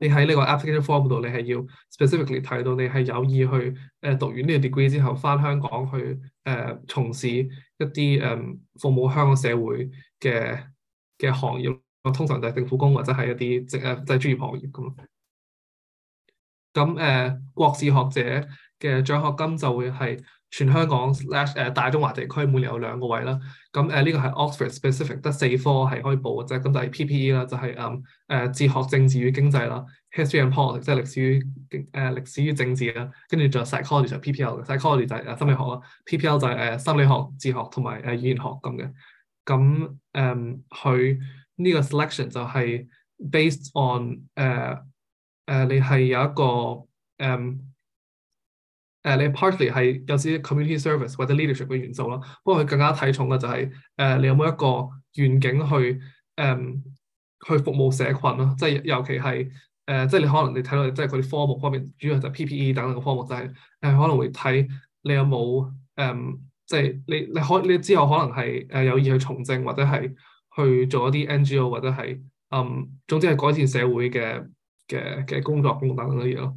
你喺呢個 application form 度，你係要 specifically 睇到你係有意去誒讀完呢個 degree 之後翻香港去誒、呃、從事一啲誒、嗯、服務香港社會嘅嘅行業，通常就係政府工或者係一啲即誒即專業行業咁。咁誒、呃、國士學者嘅獎學金就會係。全香港誒大中華地區每年有兩個位啦，咁誒呢個係 Oxford specific 得四科係可以報嘅啫，咁就係 PPE 啦，就係誒誒哲學、政治與經濟啦，History and Politics 即係歷史與政誒歷史與政治啦，跟住 ps 就 Psychology 就 PPL Psychology 就誒心理學啦，PPL 就誒心理學、哲學同埋誒語言學咁嘅，咁誒佢呢個 selection 就係 based on 誒、呃、誒、呃、你係有一個誒。嗯誒你、uh, partly 係有少 community service 或者 leadership 嘅元素啦，不過佢更加睇重嘅就係誒你有冇一個願景去誒去服務社群咯，即係尤其係誒即係你可能你睇到即係佢啲科目方面，主要就係 PPE 等等嘅科目，就係誒可能會睇你有冇誒即係你你可你之後可能係誒有意去從政或者係去做一啲 NGO 或者係誒總之係改善社會嘅嘅嘅工作咁等等嘅嘢咯。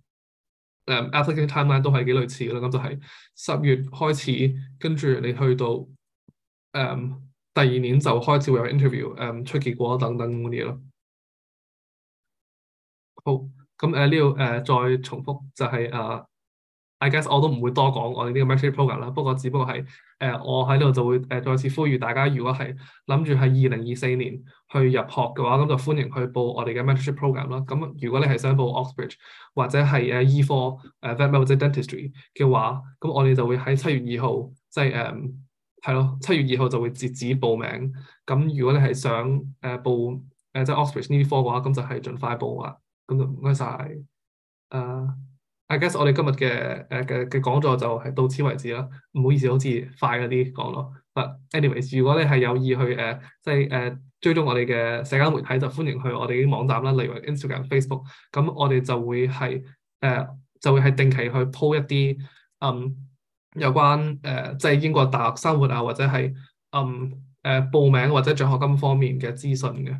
誒 application timeline 都係幾類似嘅啦，咁就係十月開始，跟住你去到誒、um, 第二年就開始會有 interview，誒、um, 出結果等等咁嘅嘢咯。好，咁誒呢度誒再重複就係、是、啊。I guess 我都唔會多講我哋呢個 mentorship program 啦。不過只不過係誒、呃，我喺呢度就會誒、呃、再次呼籲大家，如果係諗住喺二零二四年去入學嘅話，咁就歡迎去報我哋嘅 mentorship program 啦。咁如果你係想報 Oxbridge 或者係誒醫科誒 vete、啊、rinary dentistry 嘅話，咁我哋就會喺七月二號即係誒係咯，七、就是嗯、月二號就會截止報名。咁如果你係想誒、呃、報誒即係 Oxbridge 呢啲科嘅話，咁就係盡快報啦。咁就唔該晒。誒、呃。I guess 我哋今日嘅誒嘅嘅講座就係到此為止啦，唔好意思，好似快嗰啲講咯。But，anyways，如果你係有意去誒，uh, 即係誒、uh, 追蹤我哋嘅社交媒體，就歡迎去我哋啲網站啦，例如 Instagram、Facebook。咁我哋就會係誒，uh, 就會係定期去 po 一啲嗯、um, 有關誒，即、uh, 係英國大學生活啊，或者係嗯誒報名或者獎學金方面嘅資訊嘅，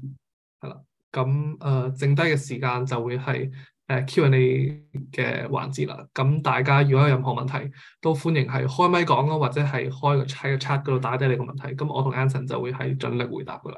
係啦。咁誒，uh, 剩低嘅時間就會係。誒、uh, Q&A 嘅環節啦，咁大家如果有任何問題，都歡迎係開咪講咯，或者係開個喺個 chat 嗰度打低你個問題，咁我同 Anson 就會係盡力回答佢啦。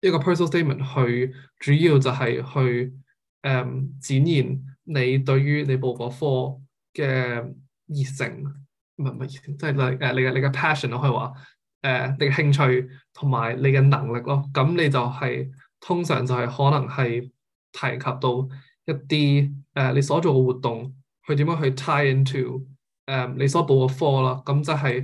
一個 personal statement 去主要就係去誒、um, 展現你對於你報個科嘅熱誠，唔係唔係熱情，即係、就是、你誒你嘅你嘅 passion 咯，可以話誒、uh, 你嘅興趣同埋你嘅能力咯。咁、嗯、你就係、是、通常就係可能係提及到一啲誒、uh, 你所做嘅活動，去點樣去 tie into 誒、um, 你所報嘅科啦。咁即係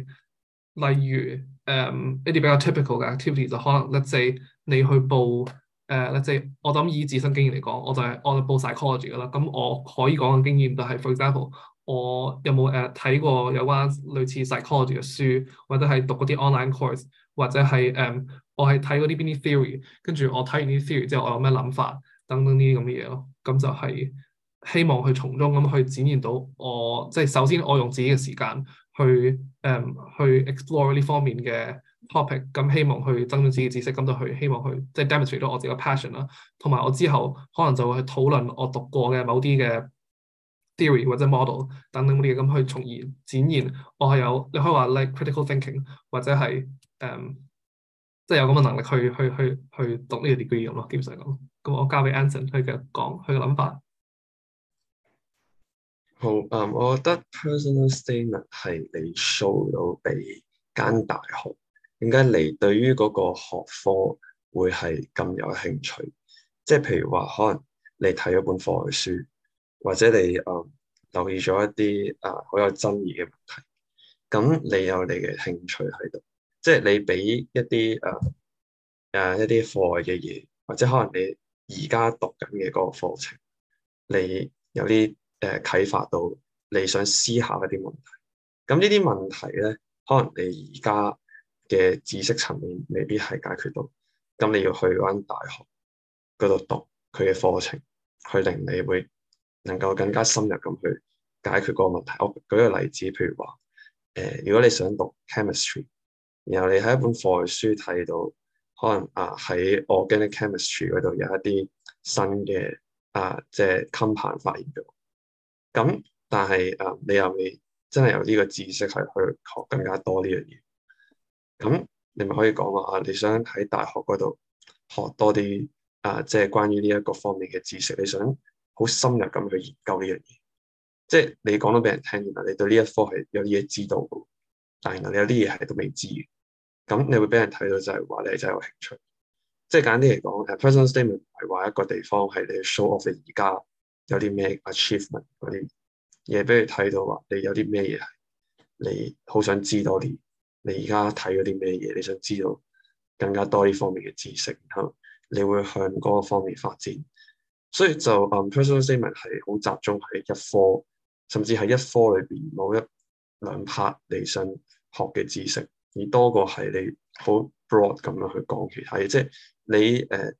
例如誒、um, 一啲比較 typical 嘅 activity 就可能 let’s say 你去報誒、呃，即係我就以自身經驗嚟講，我就係、係、我就報 psychology 噶啦。咁我可以講嘅經驗、就係，就係 for example，我有冇誒睇過有關類似 psychology 嘅書，或者係讀嗰啲 online course，或者係誒、呃、我係睇嗰啲邊啲 theory，跟住我睇完啲 theory 之後，我有咩諗法等等呢啲咁嘅嘢咯。咁就係希望去從中咁去展現到我，即係首先我用自己嘅時間去誒、呃、去 explore 呢方面嘅 topic 咁希望去增長自己知識，咁就去希望去即係、就是、demonstrate 到我自己個 passion 啦，同埋我之後可能就會去討論我讀過嘅某啲嘅 theory 或者 model 等等啲嘢，咁去從而展現我係有你可以話 like critical thinking 或者係誒即係有咁嘅能力去去去去讀呢個 degree 用咯，基本上咁。咁我交俾 Anson 佢嘅講佢嘅諗法。好，誒、um,，我覺得 personal statement 係你 show 到俾間大學。點解你對於嗰個學科會係咁有興趣？即係譬如話，可能你睇咗本課外書，或者你誒留意咗一啲誒好有爭議嘅問題，咁你有你嘅興趣喺度，即係你俾一啲誒誒一啲課外嘅嘢，或者可能你而家讀緊嘅嗰個課程，你有啲誒啟發到你想思考一啲問題。咁呢啲問題咧，可能你而家嘅知識層面未必係解決到，咁你要去嗰間大學嗰度讀佢嘅課程，去令你會能夠更加深入咁去解決嗰個問題。我舉個例子，譬如話，誒、呃，如果你想讀 chemistry，然後你喺一本課外書睇到，可能啊喺 organic chemistry 嗰度有一啲新嘅啊，即係勘探發現到，咁但係啊，你又未真係由呢個知識係去學更加多呢樣嘢。咁你咪可以講話，你想喺大學嗰度學多啲啊，即係關於呢一個方面嘅知識，你想好深入咁去研究呢樣嘢。即係你講到俾人聽，原來你對呢一科係有啲嘢知道，但原來你有啲嘢係都未知。咁你會俾人睇到就係話你真係有興趣。即係簡單啲嚟講，personal statement 係話一個地方係你 show off 你而家有啲咩 achievement 嗰啲嘢俾人睇到，話你有啲咩嘢係你好想知多啲。你而家睇嗰啲咩嘢？你想知道更加多呢方面嘅知識，然後你會向嗰方面發展。所以就誒 (noise) ，Personal statement 係好集中喺一科，甚至係一科裏邊某一兩 part 你想學嘅知識，而多過係你好 broad 咁樣去講其他嘢。即係、就是、你誒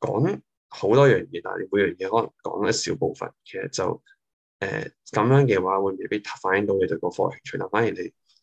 講好多樣嘢，但你每樣嘢可能講一小部分。其實就誒咁、呃、樣嘅話，會未必反映到你對個科興趣。但反而你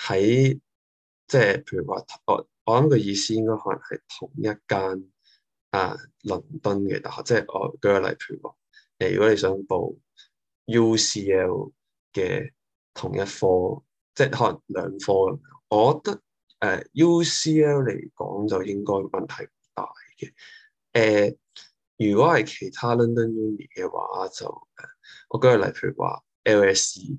喺即係，譬如話，我我諗個意思應該可能係同一間啊，倫敦嘅大學，即係我舉個例，譬如話，誒如果你想報 UCL 嘅同一科，即係可能兩科，我覺得誒、呃、UCL 嚟講就應該問題唔大嘅。誒、呃、如果係其他 London Uni 嘅話，就誒、啊、我舉個例，譬如話 LSE。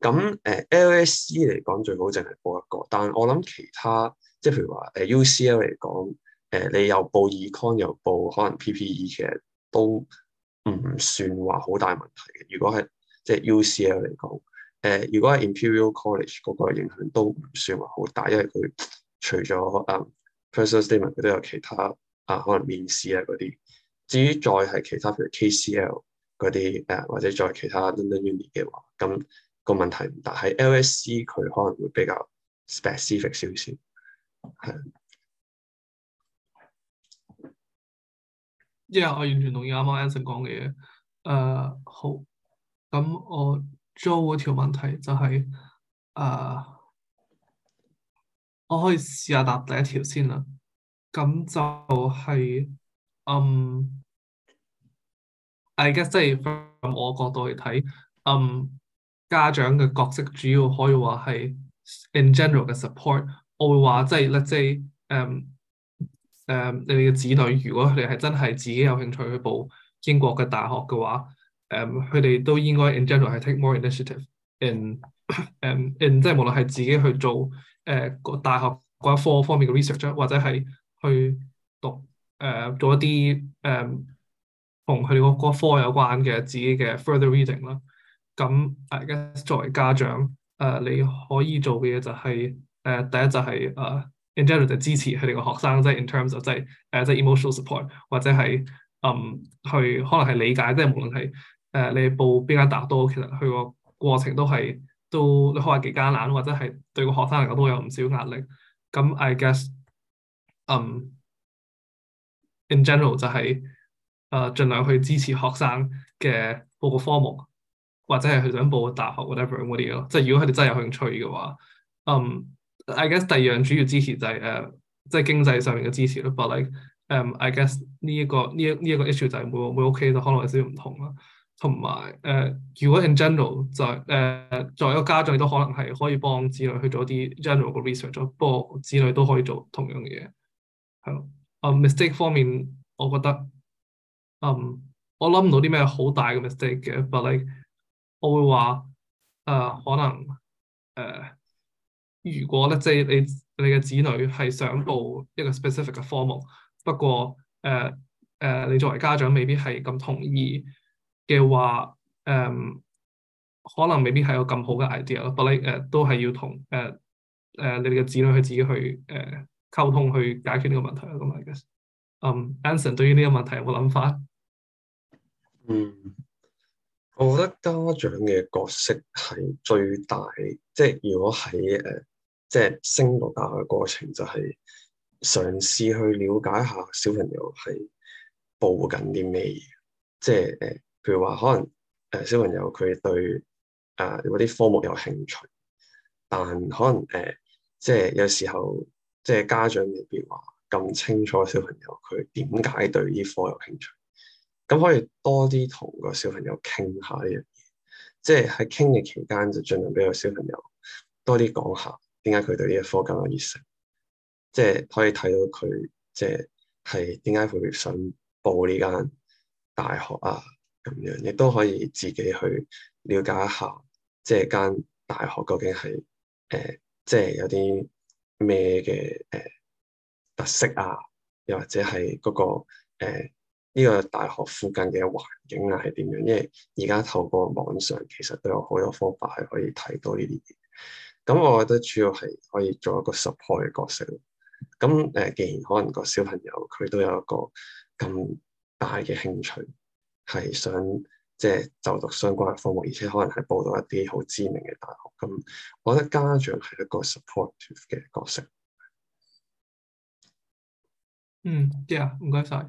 咁誒，LSE 嚟講最好淨係報一個，但我諗其他即係譬如話誒，UCL 嚟講，誒、呃、你又報 Econ 又報可能 PPE，其實都唔算話好大問題嘅。如果係即係 UCL 嚟講，誒、呃、如果係 Imperial College 嗰個影響都唔算話好大，因為佢除咗啊 personal statement 佢都有其他啊可能面試啊嗰啲。至於再係其他譬如 KCL 嗰啲誒、啊，或者再其他 London Uni 嘅話，咁。個問題唔大，喺 LSC 佢可能會比較 specific 少少，係。一係、yeah, 我完全同意啱啱 Anson 講嘅嘢，誒、uh, 好。咁我 Jo 嗰條問題就係、是、誒，uh, 我可以試下答第一條先啦。咁就係、是、嗯、um，I guess 即係我角度嚟睇，嗯。家長嘅角色主要可以話係 in general 嘅 support。我會話即係 let's say, um, um, 你哋嘅子女，如果佢哋係真係自己有興趣去報英國嘅大學嘅話，誒，佢哋都應該 in general 係 take more initiative in 誒、um, in 即係無論係自己去做誒個、uh, 大學嗰一科方面嘅 research，或者係去讀誒、uh, 做一啲誒同佢哋個嗰科有關嘅自己嘅 further reading 啦。咁大家作為家長，誒、呃、你可以做嘅嘢就係、是、誒、呃、第一就係、是、誒、呃、in general 就支持佢哋個學生即啫。就是、in terms of, 就係、是、誒即、呃、係、就是、emotional support，或者係嗯去可能係理解，即、就、係、是、無論係誒你報邊間大學都，其實佢個過程都係都你可話幾艱難，或者係對個學生嚟講都有唔少壓力。咁 I guess 嗯 in general 就係誒盡量去支持學生嘅報告科目。或者係佢想報大學 whatever 嗰啲咯，即係如果佢哋真係有興趣嘅話，嗯、um,，I guess 第二樣主要支持就係、是、誒，uh, 即係經濟上面嘅支持咯。But like，嗯、um,，I guess 呢、這、一個呢一呢一個 issue 就係每每屋企都可能有少少唔同啦。同埋誒，uh, 如果 in general 就係誒、uh, 作為一個家長，亦都可能係可以幫子女去做啲 general 嘅 research，不過子女都可以做同樣嘅嘢，係咯。Um, mistake 方面，我覺得，嗯、um,，我諗唔到啲咩好大嘅 mistake 嘅，but like。我會話誒、呃、可能誒、呃，如果咧即係你你嘅子女係想報一個 specific 嘅科目，不過誒誒、呃呃，你作為家長未必係咁同意嘅話，誒、呃、可能未必係有咁好嘅 idea 咯。不過誒都係要同誒誒你哋嘅子女去自己去誒、呃、溝通去解決呢個問題，咁啊 I guess 嗯、um,，Anson 對於呢個問題有冇諗法？嗯。我覺得家長嘅角色係最大，即係如果喺誒、呃，即係升讀大學嘅過程就係嘗試去了解下小朋友係報緊啲咩嘢，即係誒、呃，譬如話可能誒、呃，小朋友佢對誒嗰啲科目有興趣，但可能誒、呃，即係有時候即係家長未必話咁清楚小朋友佢點解對呢科有興趣。咁可以多啲同個小朋友傾下呢樣嘢，即係喺傾嘅期間就盡量俾個小朋友多啲講下點解佢對呢一科咁有熱誠，即係可以睇到佢即係係點解佢想報呢間大學啊，咁樣，亦都可以自己去了解一下，即係間大學究竟係誒即係有啲咩嘅誒特色啊，又或者係嗰個、誒呢個大學附近嘅環境啊，係點樣？因為而家透過網上，其實都有好多方法係可以睇到呢啲嘢。咁我覺得主要係可以做一個 support 嘅角色。咁誒、呃，既然可能個小朋友佢都有一個咁大嘅興趣，係想即係、即係、就讀相關嘅科目，而且可能係報讀一啲好知名嘅大學。咁我覺得家長係一個 supportive 嘅角色。嗯，啱、yeah，啊，唔該晒。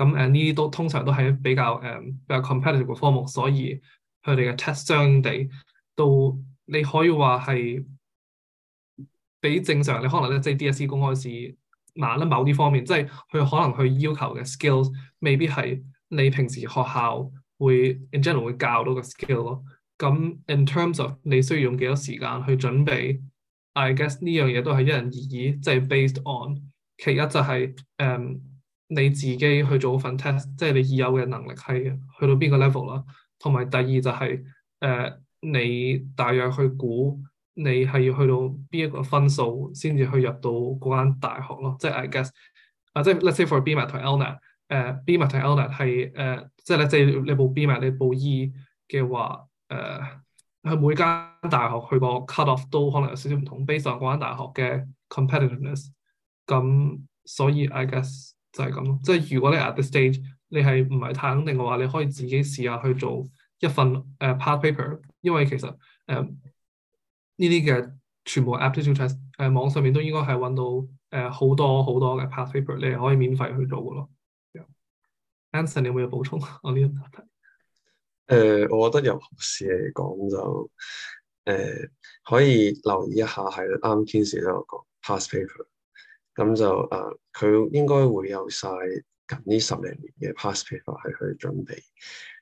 咁誒呢啲都通常都係比較誒、um, 比較 competitive 嘅科目，所以佢哋嘅 test 相應地都你可以話係比正常你可能咧即係 DSE 公開試難咧某啲方面，即係佢可能佢要求嘅 skills 未必係你平時學校會 in general 會教到嘅 skill 咯。咁 in terms of 你需要用幾多時間去準備，I guess 呢樣嘢都係因人而異，即係 based on 其一就係誒。Um, 你自己去做份 test，即係你已有嘅能力係去到邊個 level 啦。同埋第二就係、是、誒、呃，你大約去估你係要去到邊一個分數先至去入到嗰間大學咯。即係 I guess 啊，即係 let's say for BMAT、呃、BM and LNAT 誒，BMAT and LNAT 係、呃、誒，即係咧、e，即係你報 BMAT 你報 E 嘅話誒，佢每間大學去個 cut off 都可能有少少唔同，based on 嗰間大學嘅 competitiveness。咁所以 I guess。就係咁咯，即係如果你 at the stage 你係唔係太肯定嘅話，你可以自己試下去做一份誒、uh, past paper，因為其實誒呢啲嘅全部 aptitude test 誒、uh，網上面都應該係揾到誒好、uh，多好多嘅 past paper，你係可以免費去做嘅咯。Yeah. Anson 你有冇有補充？ (laughs) 我呢個答題。誒、呃，我覺得由學士嚟講就誒、呃、可以留意一下係啱啱 Kinsey 都有講 past paper。咁就誒，佢、啊、應該會有晒近呢十零年嘅 past paper 係去準備，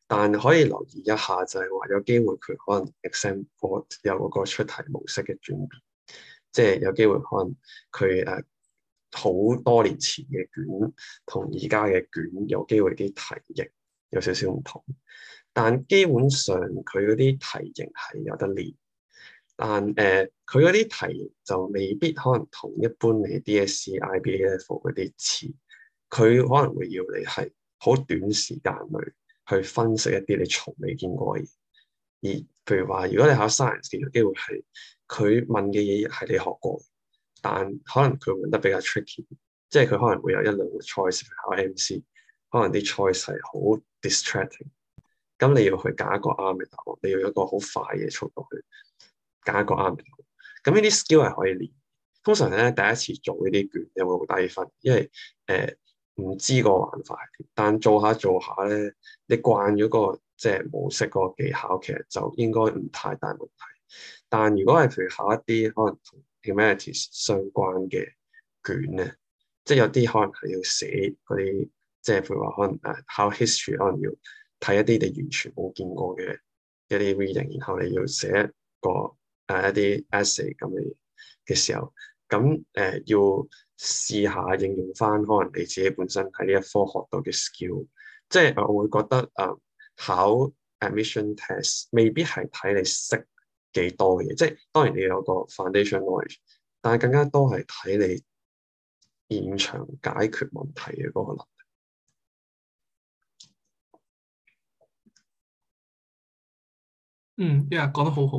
但可以留意一下就係話有機會佢可能 exam 過有嗰個出題模式嘅轉變，即係有機會可能佢誒好多年前嘅卷同而家嘅卷有機會啲題型有少少唔同，但基本上佢嗰啲題型係有得練。但誒，佢嗰啲題就未必可能同一般你 D.S.C.I.B.A.F 嗰啲似，佢可能會要你係好短時間內去分析一啲你從未見過嘅嘢。而譬如話，如果你考 science，其實機會係佢問嘅嘢係你學過，但可能佢問得比較 tricky，即係佢可能會有一兩個 choice 去考 M.C，可能啲 choice 係好 distracting，咁你要去揀一個啱嘅答案，你要一個好快嘅速度去。揀一個啱嘅，咁呢啲 skill 係可以練。通常咧第一次做呢啲卷，你會好低分，因為誒唔、呃、知個玩法，但做下做下咧，你慣咗個即係模式、個技巧，其實就應該唔太大問題。但如果係譬如考一啲可能同 humanities 相關嘅卷咧，即係有啲可能係要寫嗰啲，即係譬如話可能誒考 history 可能要睇一啲你完全冇見過嘅一啲 reading，然後你要寫一個。誒一啲 essay 咁嘅嘅時候，咁誒、呃、要試下應用翻可能你自己本身喺呢一科學到嘅 skill，即係我會覺得誒、呃、考 admission test 未必係睇你識幾多嘅嘢，即、就、係、是、當然你有個 foundation k n o w l e d g e 但係更加多係睇你現場解決問題嘅嗰個能力。嗯，一啊講得好好。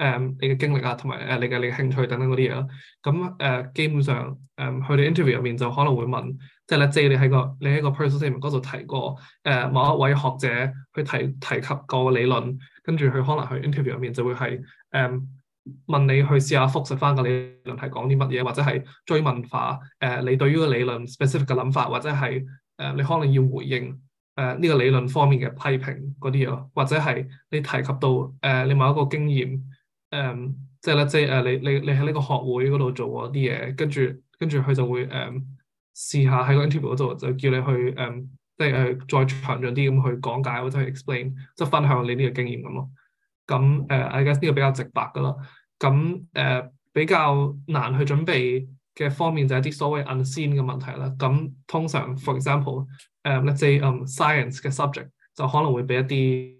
誒你嘅經歷啊，同埋誒你嘅你嘅興趣等等嗰啲嘢咯。咁誒、呃、基本上誒佢、呃、哋 interview 入面就可能會問，即係咧，即係你喺個你喺個 personal statement 嗰度提過誒、呃、某一位學者去提提及個理論，跟住佢可能去 interview 入面就會係誒、呃、問你去試下復述翻個理論係講啲乜嘢，或者係追問下誒、呃、你對於個理論 specific 嘅諗法，或者係誒、呃、你可能要回應誒呢、呃這個理論方面嘅批評嗰啲嘢，或者係你提及到誒、呃、你某一個經驗。誒，um, 即係咧，即係誒，你你你喺呢個學會嗰度做過啲嘢，跟住跟住佢就會誒試、um, 下喺個 interview 嗰度就叫你去誒，um, 即係誒、uh, 再詳盡啲咁去講解或者去 explain，即係分享你呢個經驗咁咯。咁誒，I、uh, guess 呢個比較直白噶啦。咁誒、uh, 比較難去準備嘅方面就係啲所謂 unseen 嘅問題啦。咁通常，for example，誒、um，let's say、um, science 嘅 subject 就可能會俾一啲。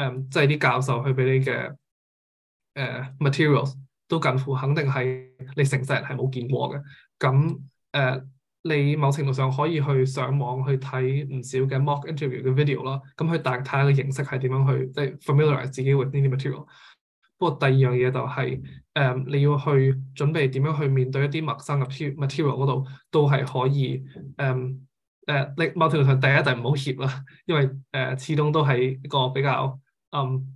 誒即係啲教授去俾你嘅誒、uh, materials 都近乎肯定係你成世人係冇見過嘅。咁誒、uh, 你某程度上可以去上網去睇唔少嘅 mock interview 嘅 video 咯、啊。咁、嗯、去大睇下個形式係點樣去即係、就是、familiarize 自己 with 呢啲 material。不過第二樣嘢就係、是、誒、um, 你要去準備點樣去面對一啲陌生嘅 material 嗰度都係可以誒誒、um, uh, 你某程度上第一就唔好怯啦，因為誒、uh, 始終都係一個比較。嗯，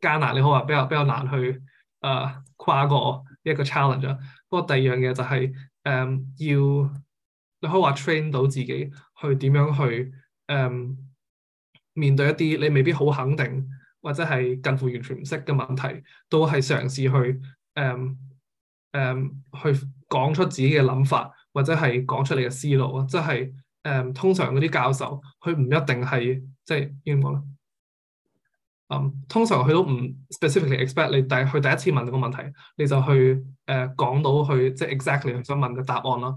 艱難，你可以話比較比較難去，誒，跨過一個 challenge。不過第二樣嘢就係，誒，要你可以話 train 到自己去點樣去，誒，面對一啲你未必好肯定或者係近乎完全唔識嘅問題，都係嘗試去，誒，誒，去講出自己嘅諗法，或者係講出你嘅思路啊。即係，誒，通常嗰啲教授，佢唔一定係，即係點講咧？嗯，um, 通常佢都唔 specifically expect 你第佢第一次問到個問題，你就去誒講、呃、到去即係 exactly 佢想問嘅答案啦。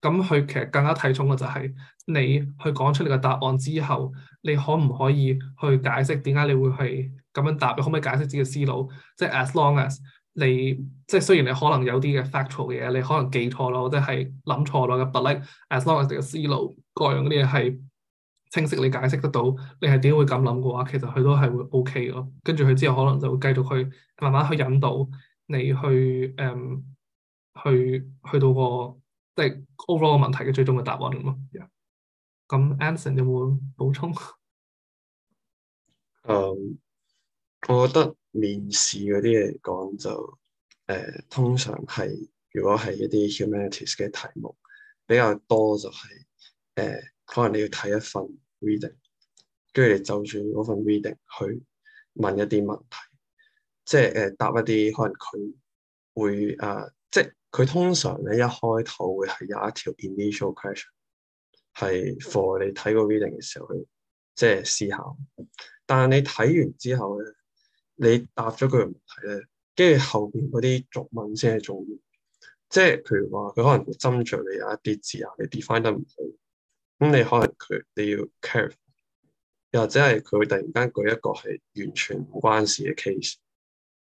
咁佢其實更加睇重嘅就係、是、你去講出你嘅答案之後，你可唔可以去解釋點解你會係咁樣答？你可唔可以解釋自己嘅思路？即係 as long as 你即係雖然你可能有啲嘅 factual 嘢，你可能記錯咯，或者係諗錯咯嘅，but like, as long as 你嘅思路各樣嗰啲嘢係。清晰，你解釋得到，你係點會咁諗嘅話，其實佢都係會 OK 咯。跟住佢之後可能就會繼續去慢慢去引導你去誒、嗯，去去到個即係 overall 問題嘅最終嘅答案咯。咁 Yeah. Anson 有冇補充？誒，um, 我覺得面試嗰啲嚟講就誒、呃，通常係如果係一啲 humanities 嘅題目，比較多就係、是、誒。呃可能你要睇一份 reading，跟住你就住嗰份 reading 去問一啲問題，即係誒答一啲可能佢會誒、啊，即係佢通常咧一開頭會係有一條 initial question，係 for 你睇個 reading 嘅時候去即係思考，但係你睇完之後咧，你答咗佢嘅問題咧，跟住後邊嗰啲作文先係重要，即係譬如話佢可能會斟酌你有一啲字啊，你 define 得唔好。咁你可能佢你要 careful，又或者係佢會突然間舉一個係完全唔關事嘅 case，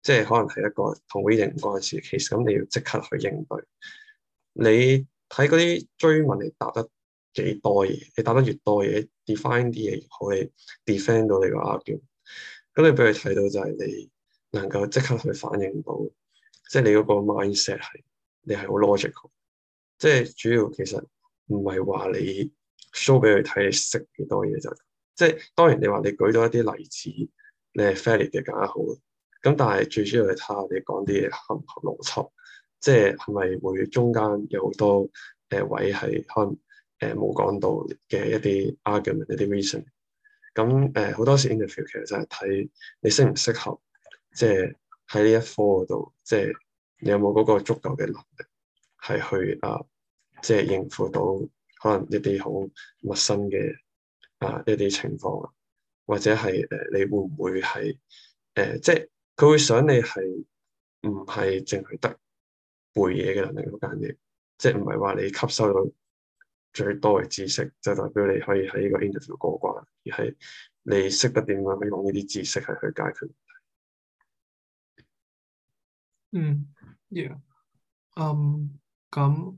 即係可能係一個同 reading 唔關事嘅 case，咁你要即刻去應對。你睇嗰啲追問你答得幾多嘢，你答得越多嘢，define 啲嘢，可以 defend 到你個 argument。咁你俾佢睇到就係你能夠即刻去反應到，即係你嗰個 mindset 係，你係好 logical。即係主要其實唔係話你。show 俾佢睇，識幾多嘢就，即係當然你話你舉到一啲例子，你係 fairly 嘅更加好。咁但係最主要係睇下你講啲嘢合唔合邏輯，即係係咪會中間有好多誒位係可能誒冇講到嘅一啲 argument、一啲 reason。咁誒好多時 interview 其實就係睇你適唔適合，即係喺呢一科度，即係你有冇嗰個足夠嘅能力係去誒、啊，即係應付到。可能一啲好陌生嘅啊一啲情況啊，或者係誒、呃、你會唔會係誒、呃、即係佢會想你係唔係淨係得背嘢嘅能力嗰間嘢，即係唔係話你吸收到最多嘅知識就代表你可以喺呢個 interview 過關，而係你識得點樣去用呢啲知識係去解決問題。嗯，嘢、yeah. um, 嗯，咁。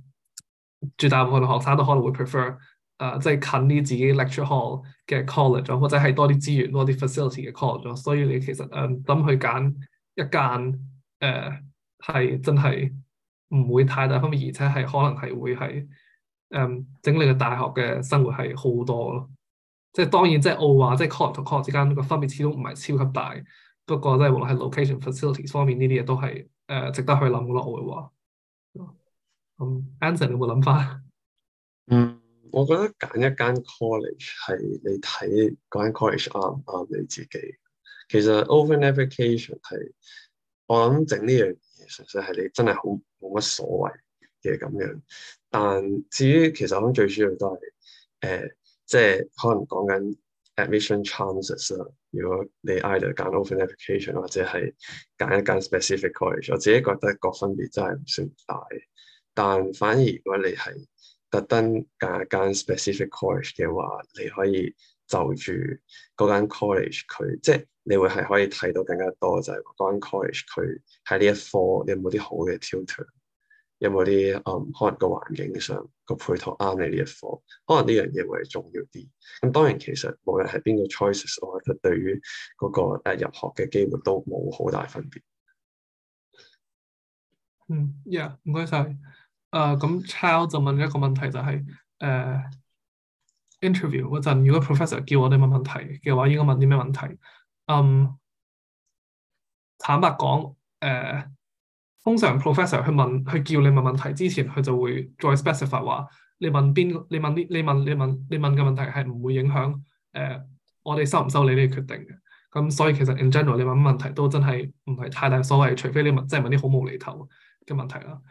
絕大部分嘅學生都可能會 prefer，誒即係近啲自己 lecture hall 嘅 college，或者係多啲資源多啲 facility 嘅 college。所以你其實誒諗去揀一間誒係真係唔會太大分別，而且係可能係會係誒、um, 整你嘅大學嘅生活係好多咯。即、就、係、是、當然即係我話，即、就、係、是就是、college 同 college 之間個分別始終唔係超級大。不過即係無論係 location、facilities 方面呢啲嘢都係誒、uh, 值得去諗嘅咯，我會話。咁 Anson，你有冇諗法？嗯，我覺得揀一間 college 係你睇嗰間 college 啱唔啱你自己。其實 open application 係我諗整呢樣嘢，純粹係你真係好冇乜所謂嘅咁樣。但至於其實我諗最主要都係誒、呃，即係可能講緊 admission chances 啦。如果你 either 揀 open application，或者係揀一間 specific college，我自己覺得個分別真係唔算大。但反而如果你係特登揀一間 specific college 嘅話，你可以就住嗰間 college 佢，即係你會係可以睇到更加多，就係、是、嗰間 college 佢喺呢一科有冇啲好嘅 tutor，有冇啲嗯可能個環境上、個配套啱你呢一科，可能呢樣嘢會係重要啲。咁當然其實無論係邊個 choices，我覺得對於嗰個誒入學嘅機會都冇好大分別。嗯，Yeah，唔該晒。誒，咁 Charles 就問一個問題，就是，就係誒，interview 嗰陣，如果 professor 叫我哋問問題嘅話，應該問啲咩問題？嗯、um,，坦白講，誒、uh,，通常 professor 去問，去叫你問問題之前，佢就會再 specify 話，你問邊，你問啲，你問，你問，你問嘅問，問，問題係唔會影響，誒、uh,，我哋收唔收你呢個決定嘅。咁所以其實 in general，你問問題都真係唔係太大所謂，除非你問，即、就、係、是、問啲好無厘頭嘅問題啦。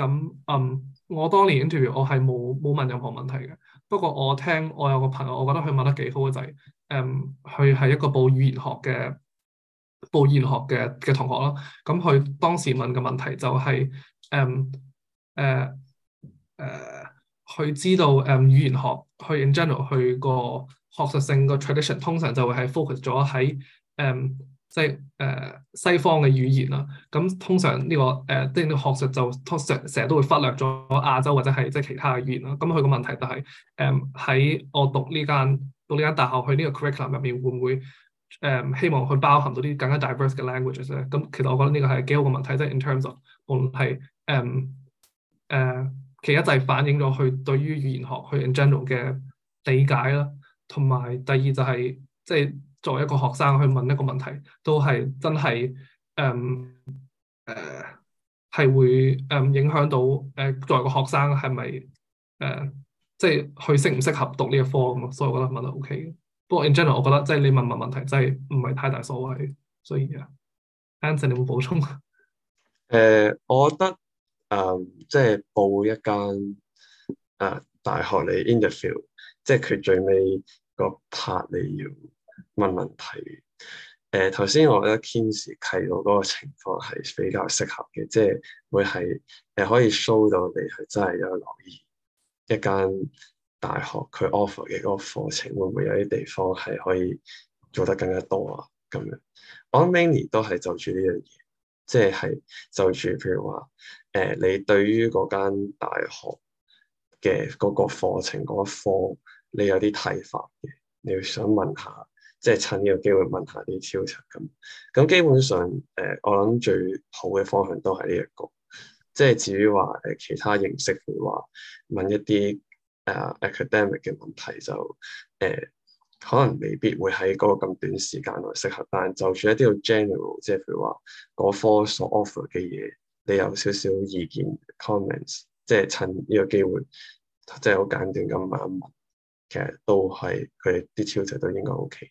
咁嗯，我當年 interview 我係冇冇問任何問題嘅。不過我聽我有個朋友，我覺得佢問得幾好嘅就係、是，誒、嗯，佢係一個報語言學嘅報語言學嘅嘅同學咯。咁佢當時問嘅問題就係、是，誒誒誒，佢、呃呃、知道誒、嗯、語言學去 in general 去個學術性個 tradition 通常就會係 focus 咗喺誒，嗯即係誒、呃、西方嘅語言啦，咁通常呢、呢個誒即係呢個學術就通常成日都會忽略咗亞洲或者係即係其他嘅語言啦。咁佢個問題就係誒喺我讀呢間讀呢間大學，去呢個 curriculum 入面會唔會誒、嗯、希望去包含到啲更加 diverse 嘅 languages 咧？咁其實我覺得呢個係幾好嘅問題，即係 in terms of 無論係誒誒，其一就係反映咗佢對於語言學去 in general 嘅理解啦，同埋第二就係、係、即係。作為一個學生去問一個問題，都係真係誒誒，係、嗯呃、會誒、嗯、影響到、呃、作為個學生係咪誒即係佢適唔適合讀呢個科咁啊？所以我覺得問得 OK 嘅。不過 in general，我覺得即係你問問問題真係唔係太大所謂。所以啊 Anson 你有冇補充？誒，我覺得誒、嗯、即係報一間誒、啊、大學嚟 interview，即係佢最尾個 part 你要。問問題，誒頭先我覺得 Kinsey 提到嗰個情況係比較適合嘅，即係會係誒、呃、可以 show 到你係真係有留意一間大學佢 offer 嘅嗰個課程，會唔會有啲地方係可以做得更加多啊？咁樣我諗 Many 都係就住呢樣嘢，即係係就住譬如話誒、呃，你對於嗰間大學嘅嗰個課程嗰一科，你有啲睇法嘅，你要想問下。即係趁呢個機會問下啲 teacher 咁，咁基本上誒、呃，我諗最好嘅方向都係呢一個局。即係至於話誒、呃、其他形式，譬如話問一啲誒、uh, academic 嘅問題，就誒、呃、可能未必會喺嗰個咁短時間內適合。但就算一啲嘅 general，即係譬如話嗰科所 offer 嘅嘢，你有少少意見 comments，即係趁呢個機會，即係好簡短咁問一問，其實都係佢啲 teacher 都應該 O K。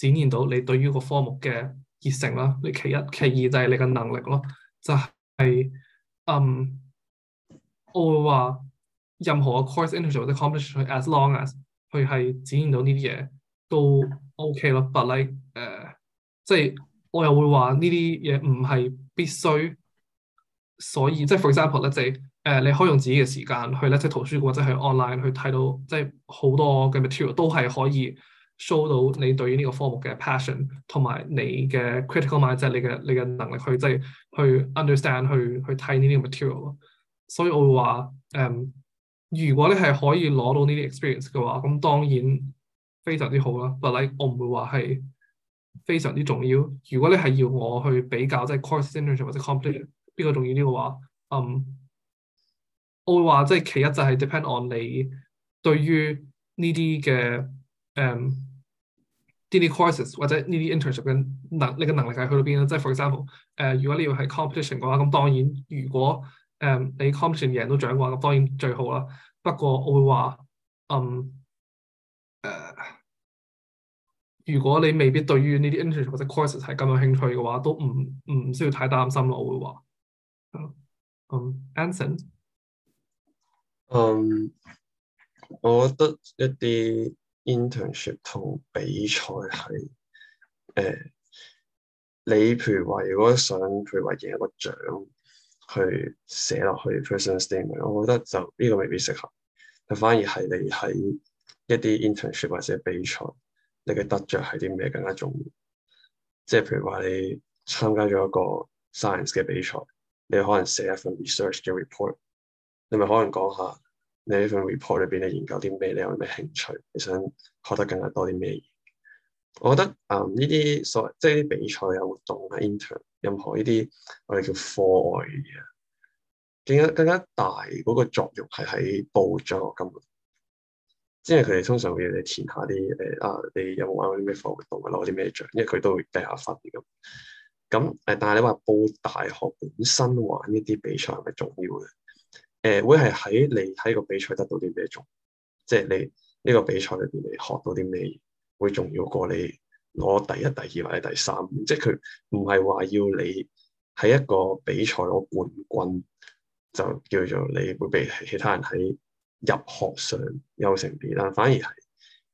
展現到你對於個科目嘅熱誠啦，你其一、其二就係你嘅能力咯，就係、是、嗯，我會話任何嘅 course entry 或者 accomplishment，as、就是、long as 佢係展現到呢啲嘢都 OK 咯。But like 誒，即係我又會話呢啲嘢唔係必須，所以即係、就是、for example 咧、就是，即係誒，你可以用自己嘅時間去咧，即、就、係、是、圖書館或者係 online 去睇到即係好多嘅 material 都係可以。show 到你對於呢個科目嘅 passion，同埋你嘅 critical mind，即係你嘅你嘅能力去即係、就是、去 understand，去去睇呢啲 material 咯。所以我會話誒，um, 如果你係可以攞到呢啲 experience 嘅話，咁當然非常之好啦。But like 我唔會話係非常之重要。如果你係要我去比較即係、就是、course structure 或者 completely 邊個重要呢個話，嗯，我會話即係其一就係 depend on 你對於呢啲嘅誒。Um, 呢啲 courses 或者呢啲 internship 嘅能，你嘅能力係去到邊咧？即係 for example，誒、呃、如果你要係 competition 嘅話，咁當然如果誒你 competition 贏到獎嘅話，咁當然最好啦。不過我會話，嗯誒、呃，如果你未必對於呢啲 internship 或者 courses 係咁有興趣嘅話，都唔唔需要太擔心咯。我會話，嗯、um, Anson 嗯，我覺得一啲。internship 同比賽係誒，你譬如話如果想譬如話贏一個獎去寫落去 personal statement，我覺得就呢個未必適合。就反而係你喺一啲 internship 或者比賽，你嘅得着係啲咩更加重要？即係譬如話你參加咗一個 science 嘅比賽，你可能寫一份 research 嘅 report，你咪可能講下。你呢份 report 裏邊，你研究啲咩？你有咩興趣？你想學得更加多啲咩？我覺得嗯有有呢啲所即係啲比賽有活動啊 intern 任何呢啲我哋叫課外嘅嘢，更加更加大嗰個作用係喺報獎學金，即係佢哋通常會要你填一下啲誒啊，你有冇玩過啲咩課外活動啊，攞啲咩獎，因為佢都會計下分咁。咁誒，但係你話報大學本身玩呢啲比賽係咪重要咧？誒、呃，會係喺你喺個比賽得到啲咩嘢，重，即係你呢個比賽裏邊你學到啲咩嘢，會重要過你攞第一、第二或者第三。即係佢唔係話要你喺一個比賽攞冠軍，就叫做你會比其他人喺入學上優勝啲啦。反而係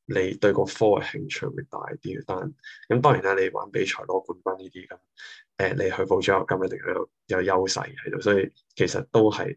你對個科嘅興趣會大啲。但咁當然啦，你玩比賽攞冠軍呢啲咁，誒、呃，你去報獎學金一定有有優勢喺度。所以其實都係。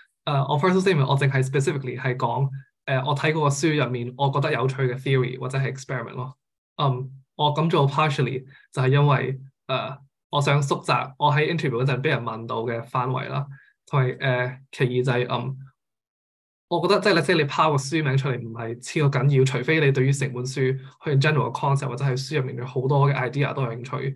誒，我 first、uh, statement 我淨係 specifically 係講，誒，我睇嗰個書入面，我覺得有趣嘅 theory 或者係 experiment 咯。嗯，我咁做 partially 就係因為，誒，我想縮窄我喺 interview 嗰陣俾人問到嘅範圍啦。同埋誒，其二就係，嗯，我覺得即係咧，即係你拋個書名出嚟唔係超緊要，除非你對於成本書去 general 嘅 concept 或者係書入面嘅好多嘅 idea 都有興趣。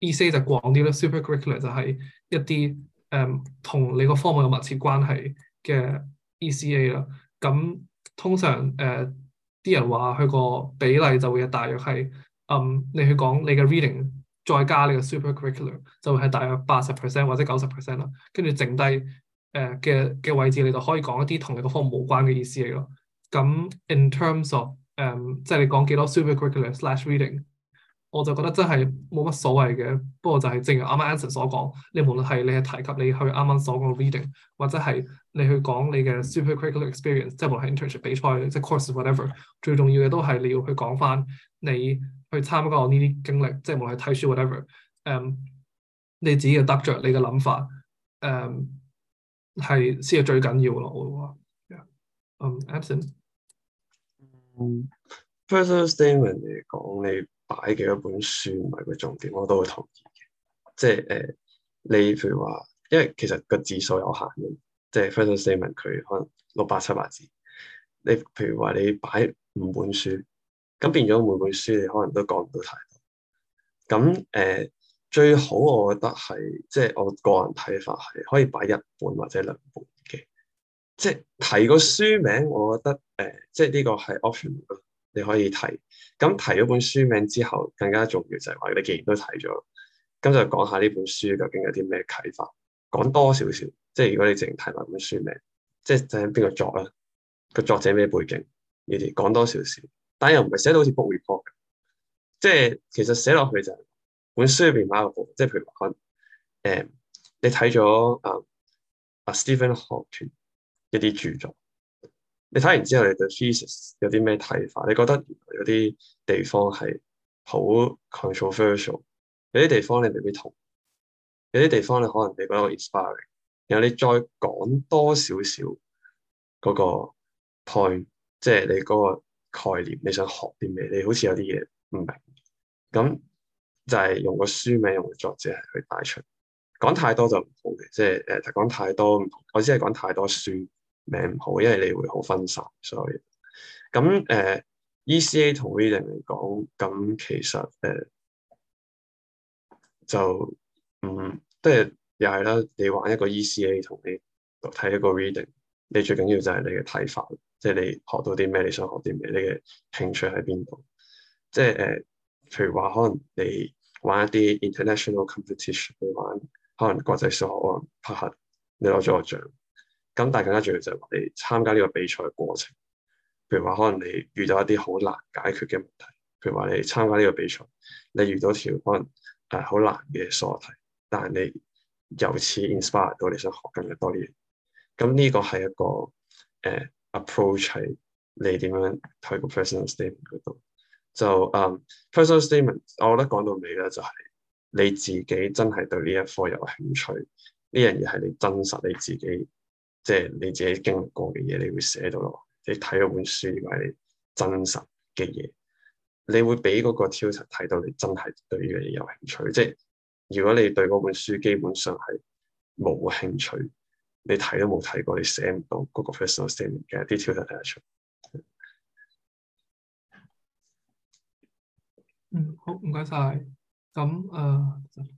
ECA 就廣啲咯，super-curricular 就係一啲誒同你個科目有密切關係嘅 ECA 啦。咁通常誒啲人話佢個比例就會係大約係，嗯，你去講你嘅 reading 再加你嘅 super-curricular 就會係大約八十 percent 或者九十 percent 啦。跟住剩低誒嘅嘅位置你就可以講一啲同你個科目冇關嘅 ECA 咯。咁 in terms of 誒，即係你講幾多 super-curricular slash reading？我就覺得真係冇乜所謂嘅，不過就係正如啱啱 Anson 所講，你無論係你係提及你去啱啱所講嘅 reading，或者係你去講你嘅 super-curricular experience，即係無論係 internship 比賽、即係 course whatever，最重要嘅都係你要去講翻你去參加呢啲經歷，即係無論係睇書 whatever，誒、um, 你自己嘅得着你嘅諗法，誒係先係最緊要咯。我會話，嗯，Anson，嗯，personal statement 嚟講你。擺幾多本書唔係個重點，我都會同意嘅。即係誒、呃，你譬如話，因為其實個字數有限嘅，即係 personal statement 佢可能六百七百字。你譬如話你擺五本書，咁變咗每本書你可能都講唔到太多。咁誒、呃，最好我覺得係，即係我個人睇法係，可以擺一本或者兩本嘅。即係提個書名，我覺得誒、呃，即係呢個係 option 啊。你可以提，咁提咗本書名之後，更加重要就係話你既然都睇咗，咁就講下呢本書究竟有啲咩啟發，講多少少。即係如果你淨係提埋本書名，即係就係邊個作啦、啊，個作者咩背景，你哋講多少少。但係又唔係寫到好似 book report，即係其實寫落去就本書入邊乜都講。即係譬如我誒、嗯，你睇咗啊啊 Stephen Hawking 一啲著作。你睇完之後，你對 thesis 有啲咩睇法？你覺得原來有啲地方係好 controversial，有啲地方你未必同，有啲地方你可能你覺得 inspiring。然後你再講多少少嗰個 point，即係你嗰個概念，你想學啲咩？你好似有啲嘢唔明。咁就係用個書名用個作者去帶出。講太多就唔好嘅，即係誒講太多唔同，我只係講太多書。名唔好，因為你會好分散，所以咁誒、呃、ECA 同 reading 嚟講，咁其實誒、呃、就唔即係又係啦。你玩一個 ECA 同你睇一個 reading，你最緊要就係你嘅睇法，即係你學到啲咩，你想學啲咩，你嘅興趣喺邊度。即係誒、呃，譬如話可能你玩一啲 international competition，你玩可能國際數學奧匹克，你攞咗個獎。咁但係更加重要就係你參加呢個比賽嘅過程，譬如話可能你遇到一啲好難解決嘅問題，譬如話你參加呢個比賽，你遇到條可能誒好難嘅數學題，但係你由此 inspire 到你想學更多啲嘢。咁、嗯、呢、這個係一個誒、uh, approach 喺你點樣睇個 personal statement 嗰度。就誒、um, personal statement，我覺得講到尾咧就係、是、你自己真係對呢一科有興趣，呢樣嘢係你真實你自己。即係你自己經歷過嘅嘢，你會寫到咯。你睇嗰本書係真實嘅嘢，你會俾嗰個 tutor 睇到你真係對呢樣嘢有興趣。即係如果你對嗰本書基本上係冇興趣，你睇都冇睇過，你寫唔到嗰個 personal statement 嘅，啲 tutor 睇得出。嗯，好唔該晒。咁誒。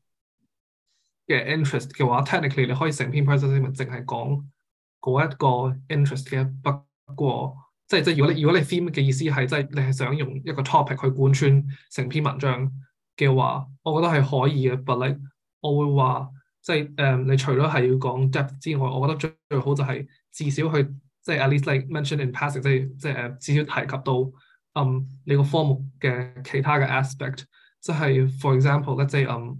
嘅 interest 嘅話，technically 你可以成篇 presentation 淨係講嗰一個 interest 嘅。不過，即係即係，如果你如果你 theme 嘅意思係即係你係想用一個 topic 去貫穿成篇文章嘅話，我覺得係可以嘅。But like，我會話即係誒，你除咗係要講 depth 之外，我覺得最最好就係至少去即係 at least like mention in passing，即係即係誒，至少提及到嗯你個科目嘅其他嘅 aspect。即係 for example 咧，即係嗯。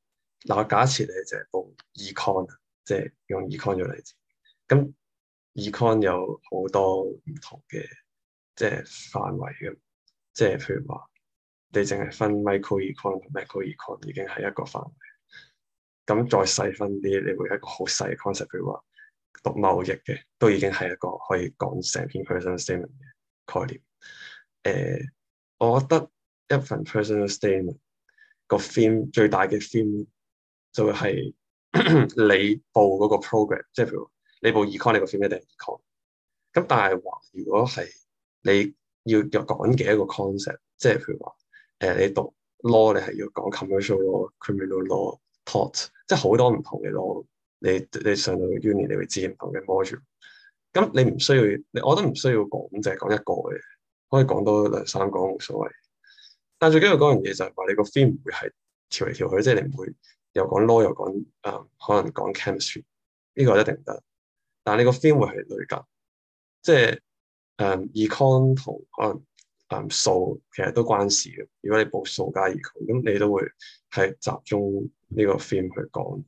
嗱，我假設你就係報 Econ，即係用 Econ 做例子，咁 Econ 有好多唔同嘅即係範圍嘅，即係譬如話你淨係分 micro econ 同 macro econ 已經係一個範圍，咁再細分啲，你會一個好細 concept，譬如話讀貿易嘅，都已經係一個可以講成篇 personal statement 嘅概念。誒、呃，我覺得一份 personal statement 個 theme 最大嘅 theme。就會係你報嗰個 programme，即係譬如你報 economy 個 field 一定 economy。咁但係話，如果係你要講幾多個 concept，即係譬如話誒，你讀 law 你係要講 commercial law、criminal law, taught, law、tort，即係好多唔同嘅 law。你你上到 uni 你會知唔同嘅 module。咁你唔需要，你我都唔需要講，就係講一個嘅，可以講多兩三個冇所謂。但最緊要嗰樣嘢就係話你個 theme 唔會係調嚟調去，即係你唔會。又講 law，又講誒、嗯，可能講 chemistry，呢個一定唔得。但係你個 theme 會係類近，即係誒、嗯、econ 同可能誒、嗯、數，其實都關事嘅。如果你報數加 econ，咁你都會係集中呢個 theme 去講。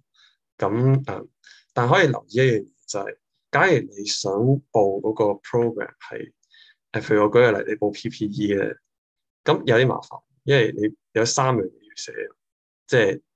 咁誒、嗯，但係可以留意一樣嘢就係、是，假如你想報嗰個 program 係，誒譬如我舉個例，你報 PPE 咧，咁有啲麻煩，因為你有三樣嘢要寫，即係。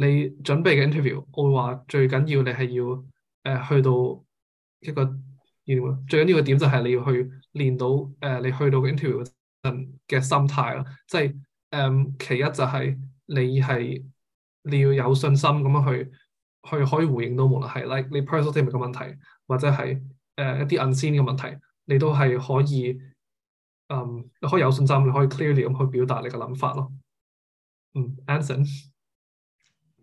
你準備嘅 interview，我會話最緊要你係要誒、呃、去到一個點，最緊要嘅點就係你要去練到誒、呃、你去到 interview 嘅心態啦。即係誒，其一就係你係你要有信心咁樣去去可以回應到無論係 like 你 personal topic 嘅問題，或者係誒、呃、一啲 unseen 嘅問題，你都係可以誒、嗯、可以有信心，你可以 clearly 咁去表達你嘅諗法咯。嗯，Anson。An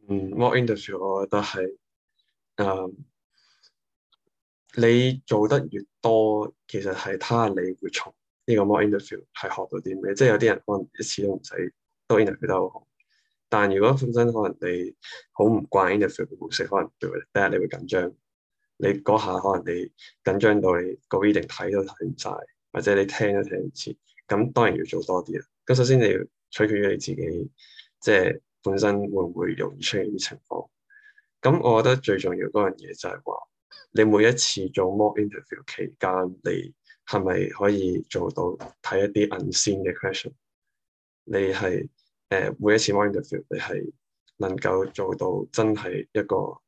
嗯，more interview，我覺得係，誒，um，你做得越多，其實係睇下你會從呢個 more interview 係學到啲咩。即係有啲人可能一次都唔使多 interview 都 inter 好，但如果本身可能你好唔慣 interview 嘅模式，可能第一你會緊張，你嗰下可能你緊張到你個 reading 睇都睇唔晒，或者你聽都聽唔切。咁當然要做多啲啦。咁首先你要取決於你自己，即係。本身會唔會容易出現啲情況？咁我覺得最重要嗰樣嘢就係話，你每一次做 mock interview 期間，你係咪可以做到睇一啲 unseen 嘅 question？你係誒、呃、每一次 mock interview，你係能夠做到真係一個誒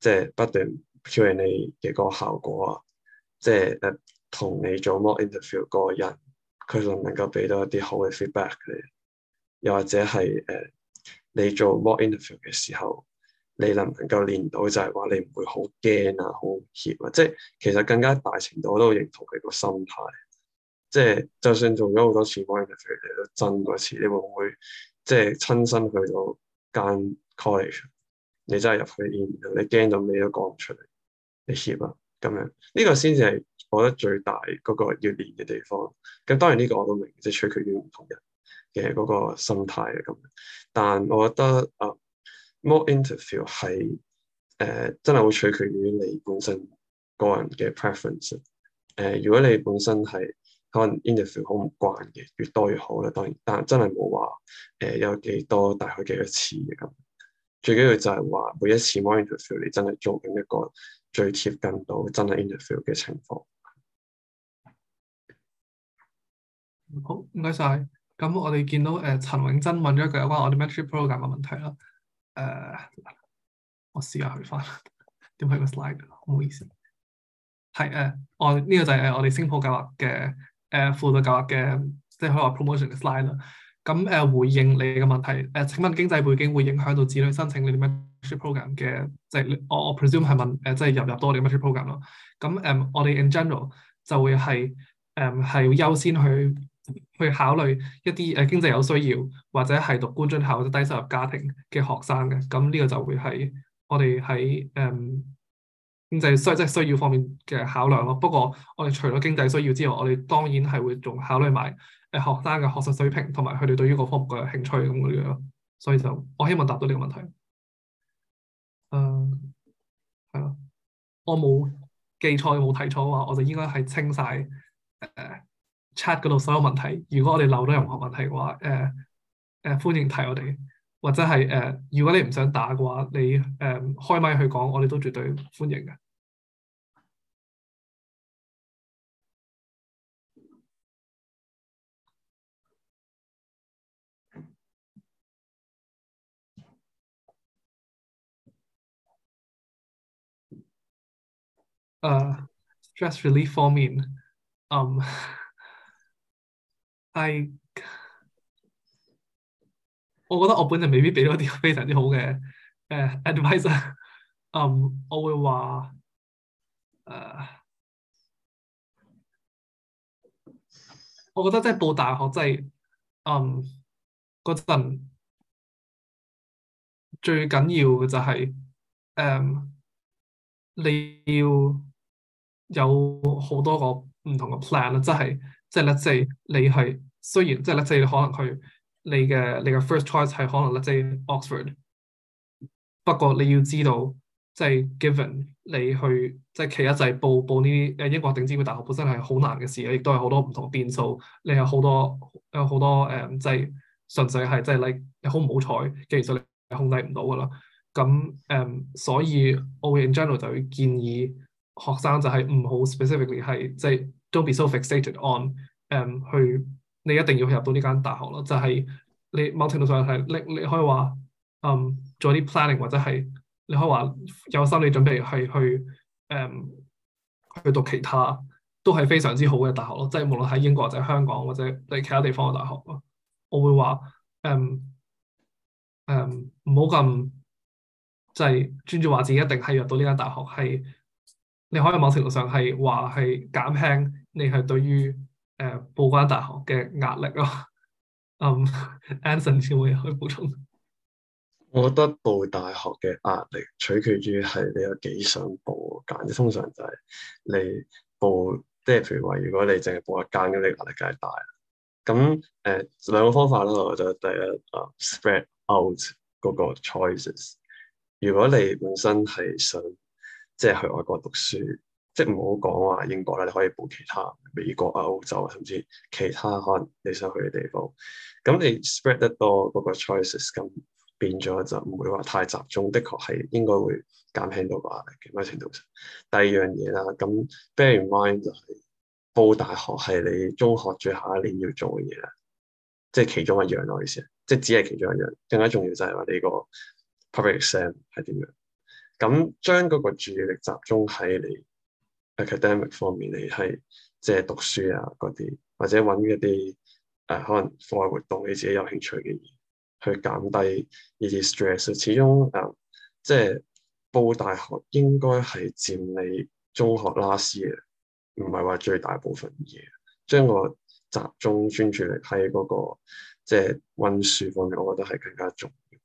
即係不斷 Q&A 你嘅個效果啊！即係誒同你做 mock interview 個人，佢能唔能夠俾到一啲好嘅 feedback 你？又或者係誒。呃你做 mock interview 嘅時候，你能唔能夠練到就係話你唔會好驚啊、好怯啊？即係其實更加大程度我都認同佢個心態，即係就算做咗好多次 mock interview，你都真嗰次，你會唔會即係親身去到間 college，你真係入去練你驚到咩都講唔出嚟，你怯啊咁樣？呢個先至係我覺得最大嗰個要練嘅地方。咁當然呢個我都明，即係取決於唔同人。嘅嗰個心態嘅咁，但係我覺得啊、uh,，mock interview 係誒、uh, 真係會取決於你本身個人嘅 preference、uh,。誒，如果你本身係可能 interview 好唔慣嘅，越多越好啦，當然，但係真係冇話誒有幾、uh, 多大概幾多次嘅咁。Uh, 最緊要就係話每一次 mock interview 你真係做緊一個最貼近到真係 interview 嘅情況。好，唔該晒。咁、嗯、我哋見到誒、呃、陳永真問咗一句有關我哋 Mentor Program 嘅問題啦，誒、呃、我試下去翻， (laughs) 點開個 slide，好唔好意思？係誒，我、呃、呢、呃這個就係我哋昇普計劃嘅誒輔導計劃嘅，即係可以話 promotion 嘅 slide 啦。咁誒、呃呃、回應你嘅問題，誒、呃、請問經濟背景會影響到子女申請你哋 Mentor Program 嘅？即係我我 presume 係問誒，即係入唔入多啲 Mentor Program 咯？咁誒、um, 我哋 in general 就會係誒係優先去。去考慮一啲誒經濟有需要或者係讀官津校或者低收入家庭嘅學生嘅，咁呢個就會係我哋喺誒經濟需即係需要方面嘅考量咯。不過我哋除咗經濟需要之外，我哋當然係會仲考慮埋誒學生嘅學術水平同埋佢哋對於個科目嘅興趣咁樣樣。所以就我希望答到呢個問題。誒，係啦，我冇記錯冇睇錯嘅話，我就應該係清晒誒。Uh, Chat 嗰度所有問題，如果我哋漏咗任何問題嘅話，誒、uh, 誒、uh, 歡迎提我哋，或者係誒、uh, 如果你唔想打嘅話，你誒、um, 開麥去講，我哋都絕對歡迎嘅。誒、uh，stress relief for me，嗯、um。 (laughs) 係，I, 我覺得我本人未必俾到啲非常之好嘅誒 adviser。嗯、uh, 啊，我會話誒，uh, 我覺得即係報大學即係，嗯、就是，嗰、um, 陣最緊要嘅就係、是、誒，um, 你要有好多個唔同嘅 plan 啦、就是，即係即係咧，即、就、係、是、你係。雖然即係即係你可能去你嘅你嘅 first choice 係可能即係 Oxford，不過你要知道，即係 given 你去即係企一制報報呢啲誒英國頂尖嘅大學，本身係好難嘅事，亦都係好多唔同變數，你有好多有好多誒、嗯，即係純粹係即係你好唔好彩，其實你控制唔到㗎啦。咁誒、嗯，所以我會 in general 就會建議學生就係唔好 specifically 係即係、就是、don't be so fixated on 誒、嗯、去。你一定要去入到呢間大學咯，就係你某程度上係你你可以話，嗯，做啲 planning 或者係你可以話有心理準備係去誒去、嗯、去讀其他都係非常之好嘅大學咯，即係無論喺英國或者香港或者你其他地方嘅大學，我會話誒誒唔好咁就係專注話自己一定係入到呢間大學，係你可以某程度上係話係減輕你係對於。誒、呃，報關大學嘅壓力咯，嗯、um,，Anson 先會去補充。我覺得報大學嘅壓力，取決於係你有幾想報間，即係通常就係你報，即係譬如話，如果你淨係報一間咁，你壓力梗係大。咁誒，兩、呃、個方法啦，我覺得第一啊、uh,，spread out 嗰個 choices。如果你本身係想即係去外國讀書。即係唔好講話英國啦，你可以報其他美國啊、歐洲啊，甚至其他可能你想去嘅地方。咁你 spread 得多嗰個 choices，咁變咗就唔會話太集中。的確係應該會減輕到個壓力嘅程度。第二樣嘢啦，咁 bear in mind 就係、是、報大學係你中學最後一年要做嘅嘢，即係其中一樣咯，我意思係。即係只係其中一樣，更加重要就係話你個 public exam 係點樣。咁將嗰個注意力集中喺你。Academic 方面你係即係讀書啊嗰啲，或者揾一啲誒、呃、可能課外活動你自己有興趣嘅嘢去減低呢啲 stress。始終誒、呃、即係報大學應該係佔你中學 last year，唔係話最大部分嘢。將我集中專注力喺嗰、那個即係溫書方面，我覺得係更加重要。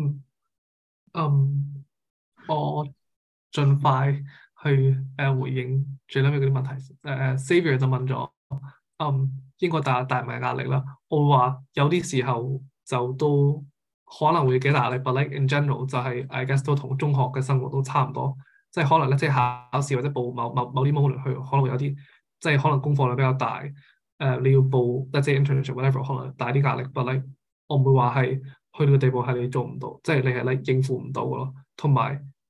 嗯。Hmm. Um. 我盡快去誒回應最撚屘嗰啲問題。誒、uh, 誒，Saviour 就問咗，嗯，英國大唔大壓力啦。我話有啲時候就都可能會幾大壓力，but l、like、in general 就係、是、I guess 都同中學嘅生活都差唔多。即係可能咧，即係考試或者報某某某啲模擬去，可能會有啲即係可能功課量比較大。誒、uh,，你要報即係 international level 可能大啲壓力，but like，我唔會話係去到個地步係你做唔到，即係你係、like, 應付唔到㗎咯。同埋。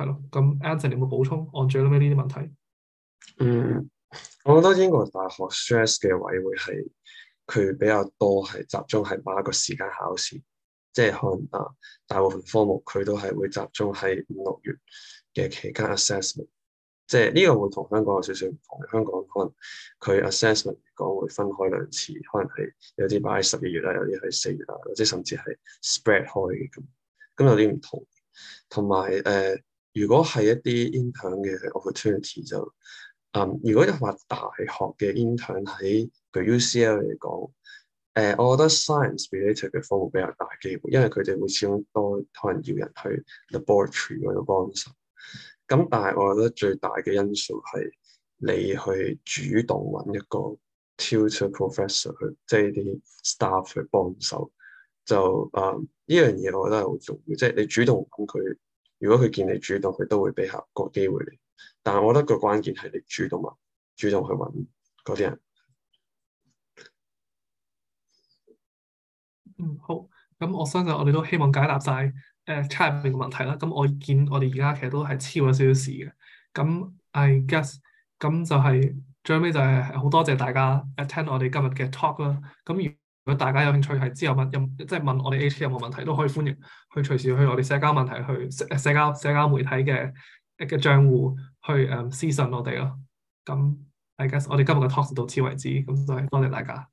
係咯，咁 Anson 有冇補充按最尾呢啲問題？嗯，我覺得英國大學 stress 嘅位會係佢比較多係集中係某一個時間考試，即係可能啊大部分科目佢都係會集中喺五六月嘅期間 assessment，即係呢個會同香港有少少唔同。香港可能佢 assessment 嚟講會分開兩次，可能係有啲擺十二月啊，有啲係四月啊，或者甚至係 spread 開嘅咁，咁有啲唔同，同埋誒。呃如果係一啲 intern 嘅 opportunity 就，嗯，如果又話大學嘅 intern 喺佢 UCL 嚟講，誒、呃，我覺得 science related 嘅科目比較大機會，因為佢哋會始終多可能要人去 laboratory 嗰度幫手。咁、嗯、但係我覺得最大嘅因素係你去主動揾一個 tutor professor 去，即、就、係、是、啲 staff 去幫手，就啊呢、嗯、樣嘢我覺得係好重要，即、就、係、是、你主動揾佢。如果佢見你主動，佢都會俾下個機會你。但係我覺得個關鍵係你主動啊，主動去揾嗰啲人。嗯，好。咁我相信我哋都希望解答曬誒差別嘅問題啦。咁我見我哋而家其實都係超咗少少時間嘅。咁 I guess 咁就係最尾就係好多謝大家 attend 我哋今日嘅 talk 啦。咁如果大家有興趣係之後問問，即係問我哋 HK，有冇問題都可以歡迎去隨時去我哋社交問題去社社交社交媒體嘅一個賬戶去誒、um, 私信我哋咯。咁 I guess 我哋今日嘅 talk 到此為止，咁就係多謝大家。